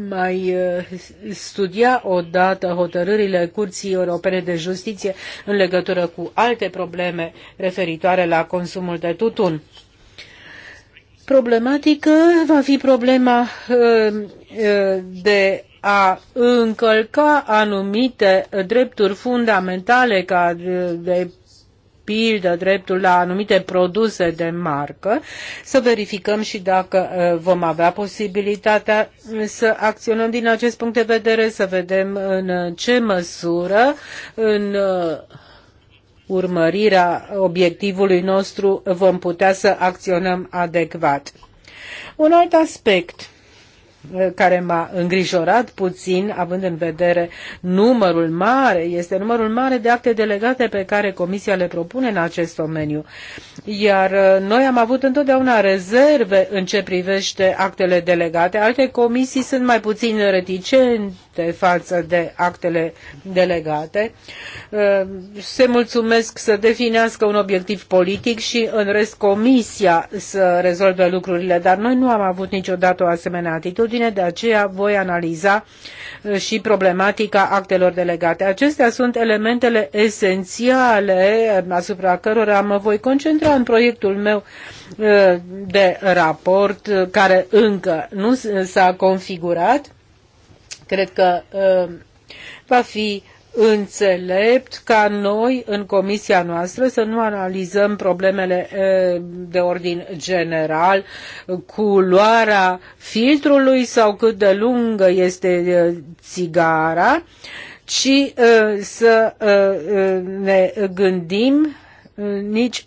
mai eh, studia odată hotărârile Curții Europene de Justiție în legătură cu alte probleme referitoare la consumul de tutun. Problematică va fi problema eh, eh, de a încălca anumite drepturi fundamentale ca de pildă dreptul la anumite produse de marcă, să verificăm și dacă uh, vom avea posibilitatea să acționăm din acest punct de vedere, să vedem în ce măsură în uh, urmărirea obiectivului nostru vom putea să acționăm adecvat. Un alt aspect care m-a îngrijorat puțin, având în vedere numărul mare, este numărul mare de acte delegate pe care Comisia le propune în acest domeniu. Iar uh, noi am avut întotdeauna rezerve în ce privește actele delegate. Alte comisii sunt mai puțin reticente drepte față de actele delegate. Uh, se mulțumesc să definească un obiectiv politic și în rest comisia să rezolve lucrurile, dar noi nu am avut niciodată o asemenea atitudine, de aceea voi analiza uh, și problematica actelor delegate. Acestea sunt elementele esențiale uh, asupra cărora mă voi concentra în proiectul meu de raport care încă nu s-a configurat Cred că uh, va fi înțelept ca noi în comisia noastră să nu analizăm problemele uh, de ordin general, culoarea filtrului sau cât de lungă este uh, țigara, ci să ne gândim nici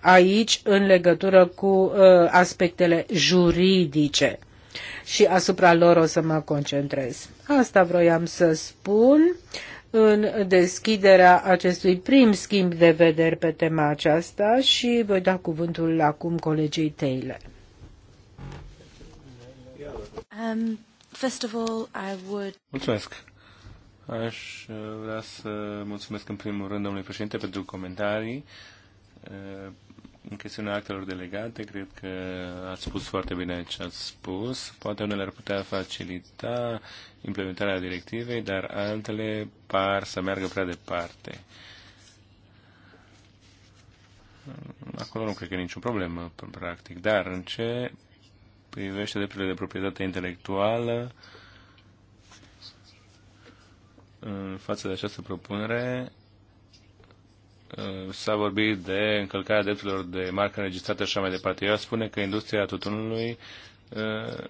aici în legătură cu aspectele juridice și asupra lor o să mă concentrez. Asta vroiam să spun în deschiderea acestui prim schimb de vederi pe tema aceasta și voi da cuvântul acum colegii Taylor. Um, first of all, I would... Mulțumesc. Aș uh, vrea să mulțumesc în primul rând domnului președinte pentru comentarii uh, în chestiunea actelor delegate, cred că ați spus foarte bine ce ați spus. Poate unele ar putea facilita implementarea directivei, dar altele par să meargă prea departe. Acolo nu cred că e niciun problemă, practic. Dar în ce privește drepturile de proprietate intelectuală, în față de această propunere, Uh, s-a vorbit de încălcarea drepturilor de marcă înregistrată și așa mai departe. Eu spune că industria tutunului uh,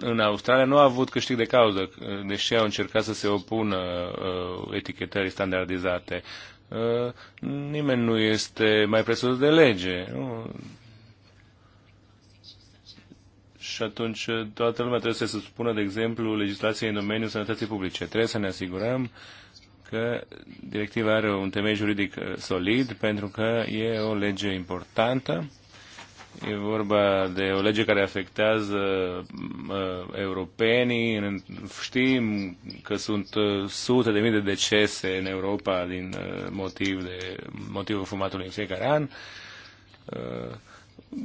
în Australia nu a avut câștig de cauză, uh, deși au încercat să se opună etichetării standardizate. Nimeni nu este mai presus de lege. Nu? Și atunci toată lumea trebuie să se supună, de exemplu, legislației în domeniul sănătății publice. Trebuie să ne asigurăm uh, că directiva are un temei juridic uh, solid pentru că e o lege importantă. E vorba de o lege care afectează uh, europenii. Știm că sunt uh, sute de mii de decese în Europa din uh, motiv de, motivul fumatului în fiecare an. Uh,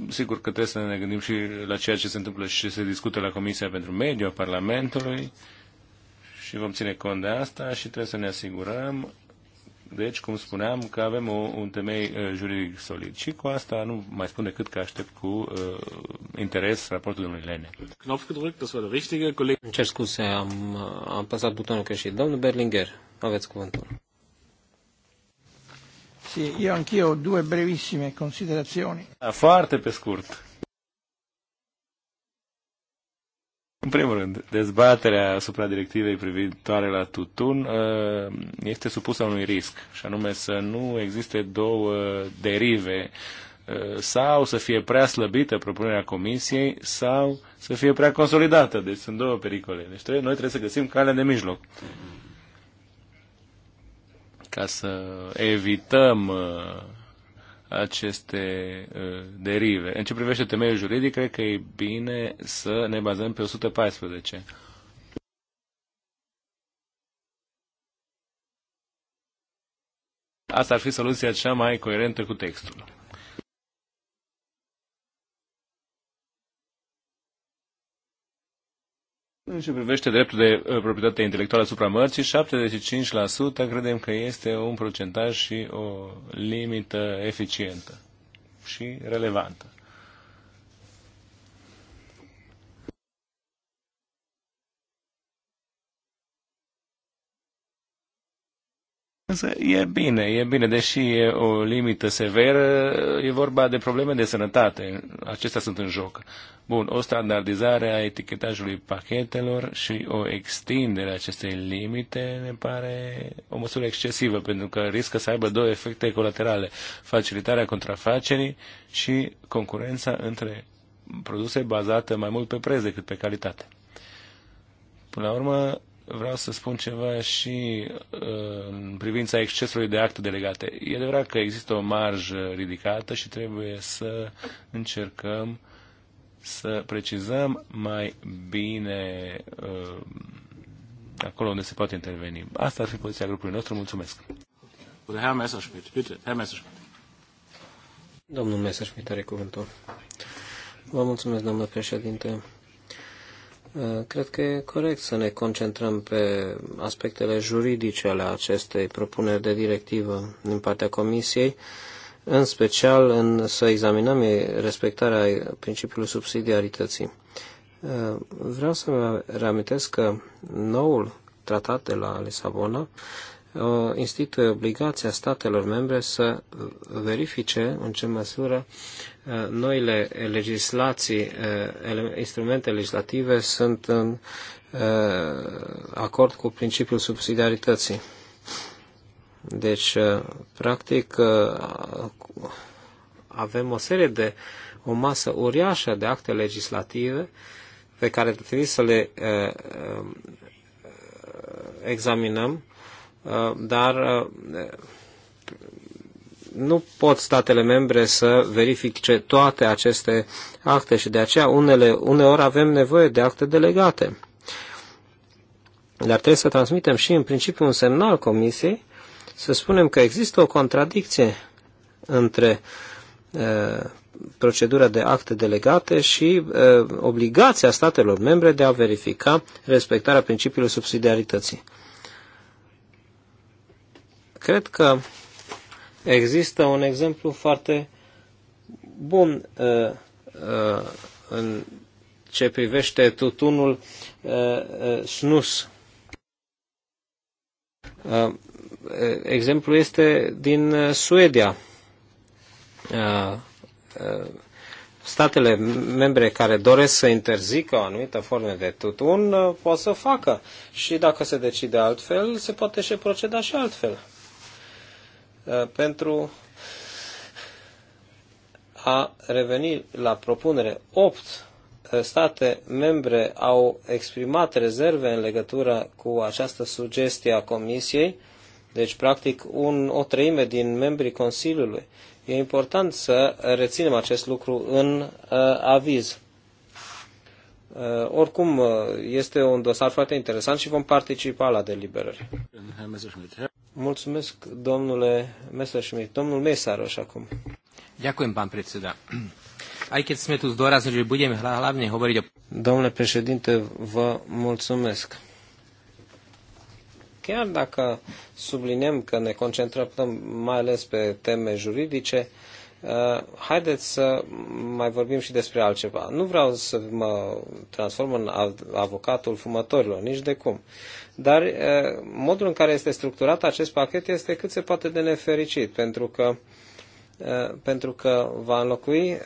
sigur că trebuie să ne gândim și la ceea ce se întâmplă și ce se discută la Comisia pentru Mediu a Parlamentului. Uh, și vom ține cont de asta și trebuie să ne asigurăm, deci, cum spuneam, că avem o, un temei uh, juridic solid. Și cu asta nu mai spun decât că aștept cu uh, interes raportul domnului Lene. Knopf gedrückt, das war der richtige, coleg. cer am, am pasat butonul și Domnul Berlinger, aveți cuvântul. Sì, io anch'io ho due brevissime considerazioni. Da, foarte pe scurt. În primul rând, dezbaterea asupra directivei privitoare la tutun uh, este supusă unui risc, și anume să nu existe două derive uh, sau să fie prea slăbită propunerea comisiei sau să fie prea consolidată. Deci sunt două pericole. Deci trebuie, noi trebuie să găsim calea de mijloc ca să evităm uh, aceste uh, derive. În ce privește temeiul juridic, cred că e bine să ne bazăm pe 114. Asta ar fi soluția cea mai coerentă cu textul. În ce privește dreptul de uh, proprietate intelectuală asupra mărcii, 75% credem că este un procentaj și o limită eficientă și relevantă. Însă e bine, e bine, deși e o limită severă, e vorba de probleme de sănătate. Acestea sunt în joc. Bun, o standardizare a etichetajului pachetelor și o extindere a acestei limite ne pare o măsură excesivă, pentru că riscă să aibă două efecte colaterale, facilitarea contrafacerii și concurența între produse bazate mai mult pe preț decât pe calitate. Până la urmă, vreau să spun ceva și uh, în privința excesului de acte delegate. E adevărat că există o marjă ridicată și trebuie să încercăm să precizăm mai bine uh, acolo unde se poate interveni. Asta ar fi poziția grupului nostru. Mulțumesc. Herr Messerschmidt, bitte, Herr Messerschmidt. Domnul Messerschmidt are cuvântul. Vă mulțumesc, domnule președinte. Uh, cred că e corect să ne concentrăm pe aspectele juridice ale acestei propuneri de directivă din partea Comisiei, în special în să examinăm respectarea principiului subsidiarității. Uh, vreau să vă reamintesc că noul tratat de la Lisabona Uh, instituie obligația statelor membre să verifice în ce măsură uh, noile legislații, uh, instrumente legislative sunt în acord cu principiul subsidiarității. Deci, practic, avem o serie de, o masă uriașă de acte legislative pe care trebuie să le examinăm Uh, dar uh, nu pot statele membre să verifice toate aceste acte și de aceea unele, uneori avem nevoie de acte delegate. Dar trebuie să transmitem și în principiu un semnal Comisiei să spunem că există o contradicție între e, uh, procedura de acte delegate și e, obligația statelor membre de a verifica respectarea principiului subsidiarității. Cred că există un exemplu foarte bun uh, uh, în ce privește tutunul uh, snus. Exemplu este din Suedia. Statele membre care doresc să interzică o anumită formă de tutun pot să facă și dacă se decide altfel, se poate și proceda și altfel. Uh, pentru a reveni la propunere. Opt uh, state membre au exprimat rezerve în legătură cu această sugestie a Comisiei, deci practic un, o treime din membrii Consiliului. E important să reținem acest lucru în uh, aviz. Uh, oricum, uh, este un dosar foarte interesant și vom participa la deliberări. Mulțumesc, domnule Messerschmidt. Domnul Mesaroș acum. Ďakujem, pán predseda. Aj keď sme tu zdôraznili, že budeme hlavne hovoriť o... Domnule președinte, vă mulțumesc. Chiar dacă subliniem că ne concentrăm mai ales pe teme juridice, Uh, haideți să mai vorbim și despre altceva. Nu vreau să mă transform în avocatul fumătorilor, nici de cum. Dar uh, modul în care este structurat acest pachet este cât se poate de nefericit, pentru că uh, pentru că va înlocui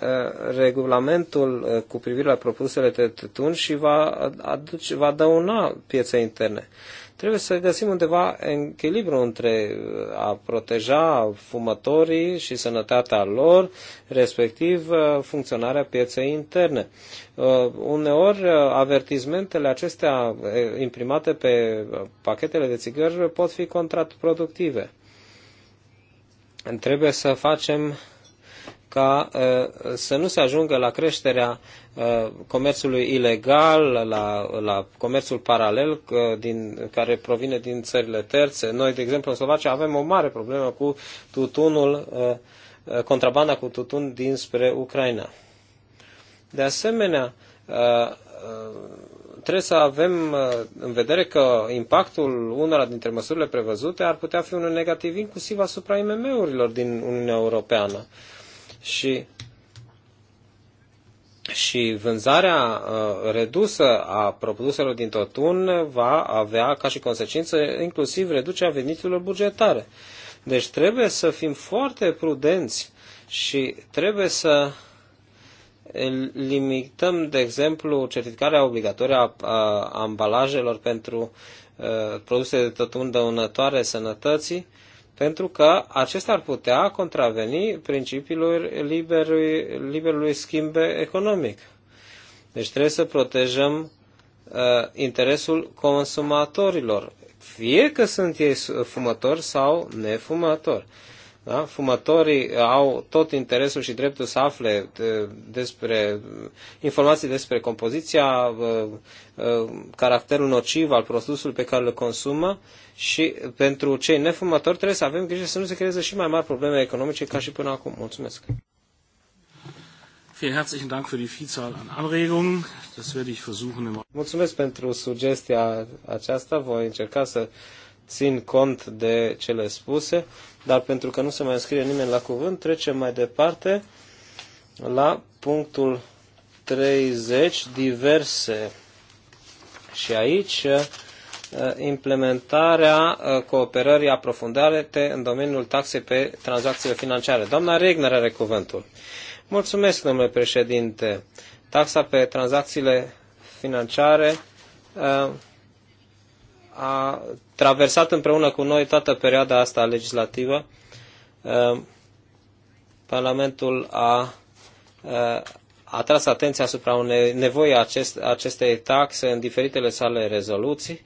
regulamentul cu privire la propusele de tutun și va, aduce, va dăuna pieței interne. Trebuie să găsim undeva echilibru între uh, a proteja fumătorii și sănătatea lor, respectiv uh, funcționarea pieței interne. Uh, uneori, avertizmentele acestea imprimate pe pachetele de țigări pot fi contraproductive. Trebuie să facem ca să nu se ajungă la creșterea comerțului ilegal, la, la comerțul paralel din, care provine din țările terțe. Noi, de exemplu, în Slovacia avem o mare problemă cu tutunul, contrabanda cu tutun dinspre Ucraina. De asemenea, trebuie să avem în vedere că impactul unora dintre măsurile prevăzute ar putea fi unul negativ inclusiv asupra IMM-urilor din Uniunea Europeană și, și vânzarea uh, redusă a produselor din totun va avea ca și consecință inclusiv reducerea veniturilor bugetare. Deci trebuie să fim foarte prudenți și trebuie să limităm, de exemplu, certificarea obligatorie a, a ambalajelor pentru uh, produse de totun dăunătoare sănătății pentru că acesta ar putea contraveni principiilor liberului, liberului schimb economic. Deci trebuie să protejăm uh, interesul consumatorilor, fie că sunt ei fumători sau nefumători. Uh, da? Fumătorii au tot interesul și dreptul să afle despre informații despre compoziția, uh, uh, caracterul nociv al produsului pe care îl consumă și pentru cei nefumători trebuie să avem grijă să nu se creeze și mai mari probleme economice ca și până acum. Mulțumesc! Mulțumesc pentru sugestia aceasta. Voi încerca să țin cont de cele spuse, dar pentru că nu se mai înscrie nimeni la cuvânt, trecem mai departe la punctul 30, diverse. Și aici uh, implementarea uh, cooperării aprofundate în domeniul taxei pe tranzacțiile financiare. Doamna Regner are cuvântul. Mulțumesc, domnule președinte. Taxa pe tranzacțiile financiare uh, a traversat împreună cu noi toată perioada asta legislativă. Uh, Parlamentul a, uh, atras atenția asupra unei nevoi acest, acestei taxe în diferitele sale rezoluții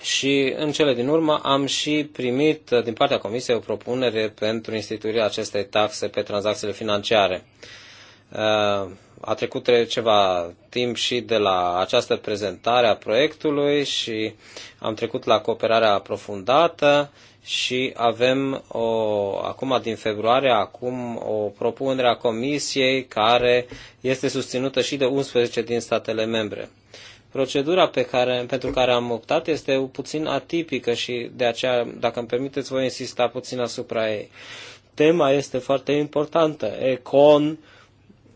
și în cele din urmă am și primit uh, din partea Comisiei o propunere pentru instituirea acestei taxe pe tranzacțiile financiare. Uh, Uh, a trecut ceva timp și de la această prezentare a proiectului și am trecut la cooperarea aprofundată și avem o, acum din februarie acum o propunere a Comisiei care este susținută și de 11 din statele membre. Procedura pe care, pentru care am optat este puțin atipică și de aceea, dacă îmi permiteți, voi insista puțin asupra ei. Tema este foarte importantă. Econ, uh,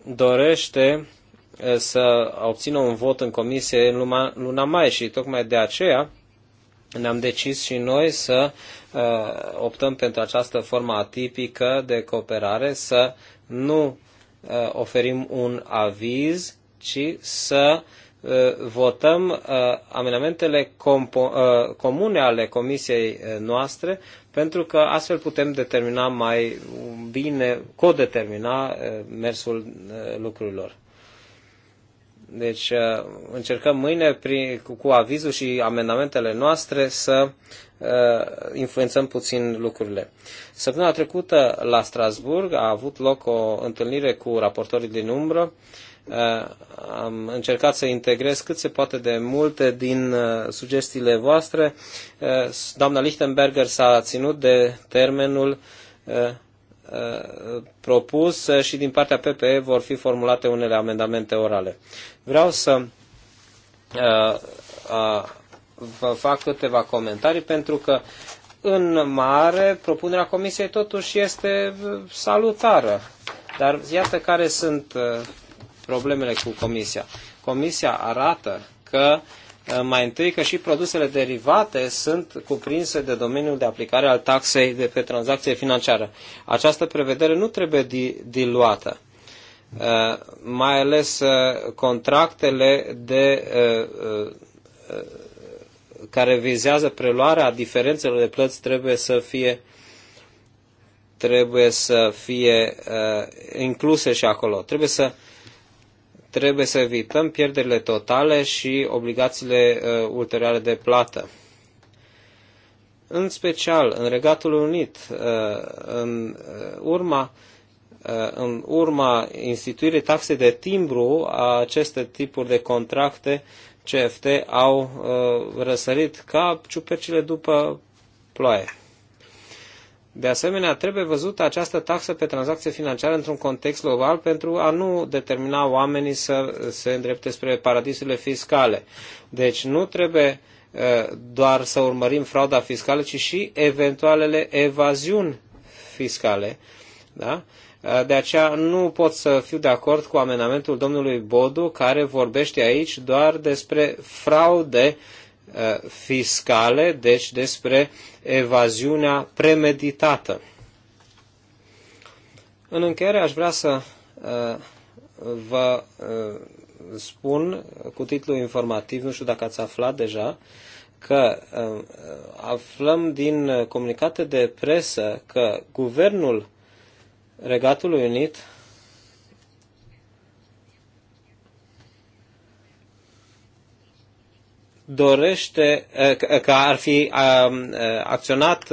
dorește eh, să obțină un vot în comisie în luna, mai și tocmai de aceea ne-am decis și noi să uh, optăm pentru această formă atipică de cooperare, să nu uh, oferim un aviz, ci să uh, votăm uh, uh, comune ale comisiei noastre pentru că astfel putem determina mai bine, codetermina uh, mersul uh, lucrurilor. Deci uh, încercăm mâine prin, cu, avizul și amendamentele noastre să uh, influențăm puțin lucrurile. Săptămâna trecută la Strasburg a avut loc o întâlnire cu raportorii din umbră uh, Uh, am încercat să integrez cât se poate de multe din uh, sugestiile voastre. Uh, doamna Lichtenberger s-a ținut de termenul propus și din partea PPE vor fi formulate unele amendamente orale. Vreau să vă fac câteva comentarii pentru că în mare propunerea comisiei totuși este salutară. Dar iată care sunt problemele cu Comisia. Comisia arată că eh, mai întâi că și produsele derivate sunt cuprinse de domeniul de aplicare al taxei de pe tranzacție financiară. Această prevedere nu trebuie diluată. Eh, mai ales eh, contractele de care vizează preluarea diferențelor de plăți trebuie să fie trebuie să fie uh, incluse și acolo. Trebuie să Trebuie să evităm pierderile totale și obligațiile uh, ulterioare de plată. În special, în Regatul Unit, uh, în uh, urma uh, în urma instituirii taxei de timbru, aceste tipuri de contracte CFT au uh, răsărit ca ciupercile după ploaie. De asemenea, trebuie văzută această taxă pe tranzacție financiară într-un context global pentru a nu determina oamenii să se îndrepte spre paradisurile fiscale. Deci nu trebuie uh, doar să urmărim frauda fiscală, ci și eventualele evaziuni fiscale. Da? Uh, de aceea nu pot să fiu de acord cu amenamentul domnului Bodu, care vorbește aici doar despre fraude Uh, fiscale, deci despre evaziunea premeditată. În încheiere aș vrea să uh, vă uh, spun cu titlu informativ, nu știu dacă ați aflat deja, că aflăm din comunicate de presă că guvernul Regatului Unit dorește, că ar fi acționat,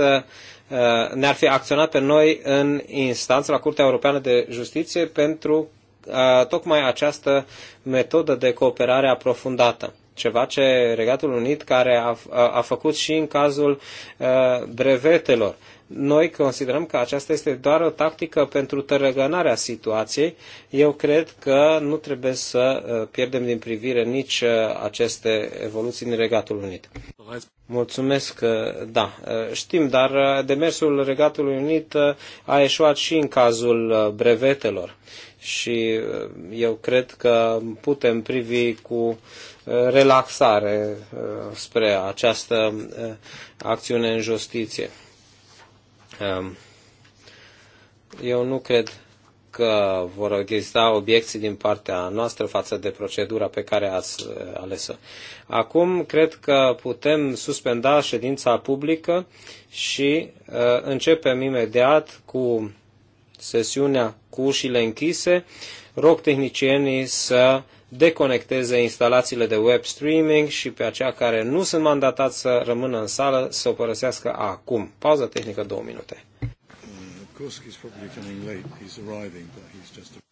ne-ar fi acționat pe noi în instanță la Curtea Europeană de Justiție pentru tocmai această metodă de cooperare aprofundată. Ceva ce Regatul Unit care a, a, a făcut și în cazul uh, brevetelor. Noi considerăm că aceasta este doar o tactică pentru tărăgănarea situației. Eu cred că nu trebuie să uh, pierdem din privire nici uh, aceste evoluții din Regatul Unit. Mulțumesc, uh, da, știm, dar demersul Regatului Unit a eșuat și în cazul brevetelor și eu cred că putem privi cu relaxare spre această acțiune în justiție. Ehm, eu nu cred că vor exista obiecții din partea noastră față de procedura pe care ați eh, ales-o. Acum cred că putem suspenda ședința publică și uh, începem imediat cu sesiunea cu ușile închise. Rog tehnicienii să deconecteze instalațiile de web streaming și pe aceia care nu sunt mandatați să rămână în sală să o părăsească acum. Pauză tehnică două minute. Mm,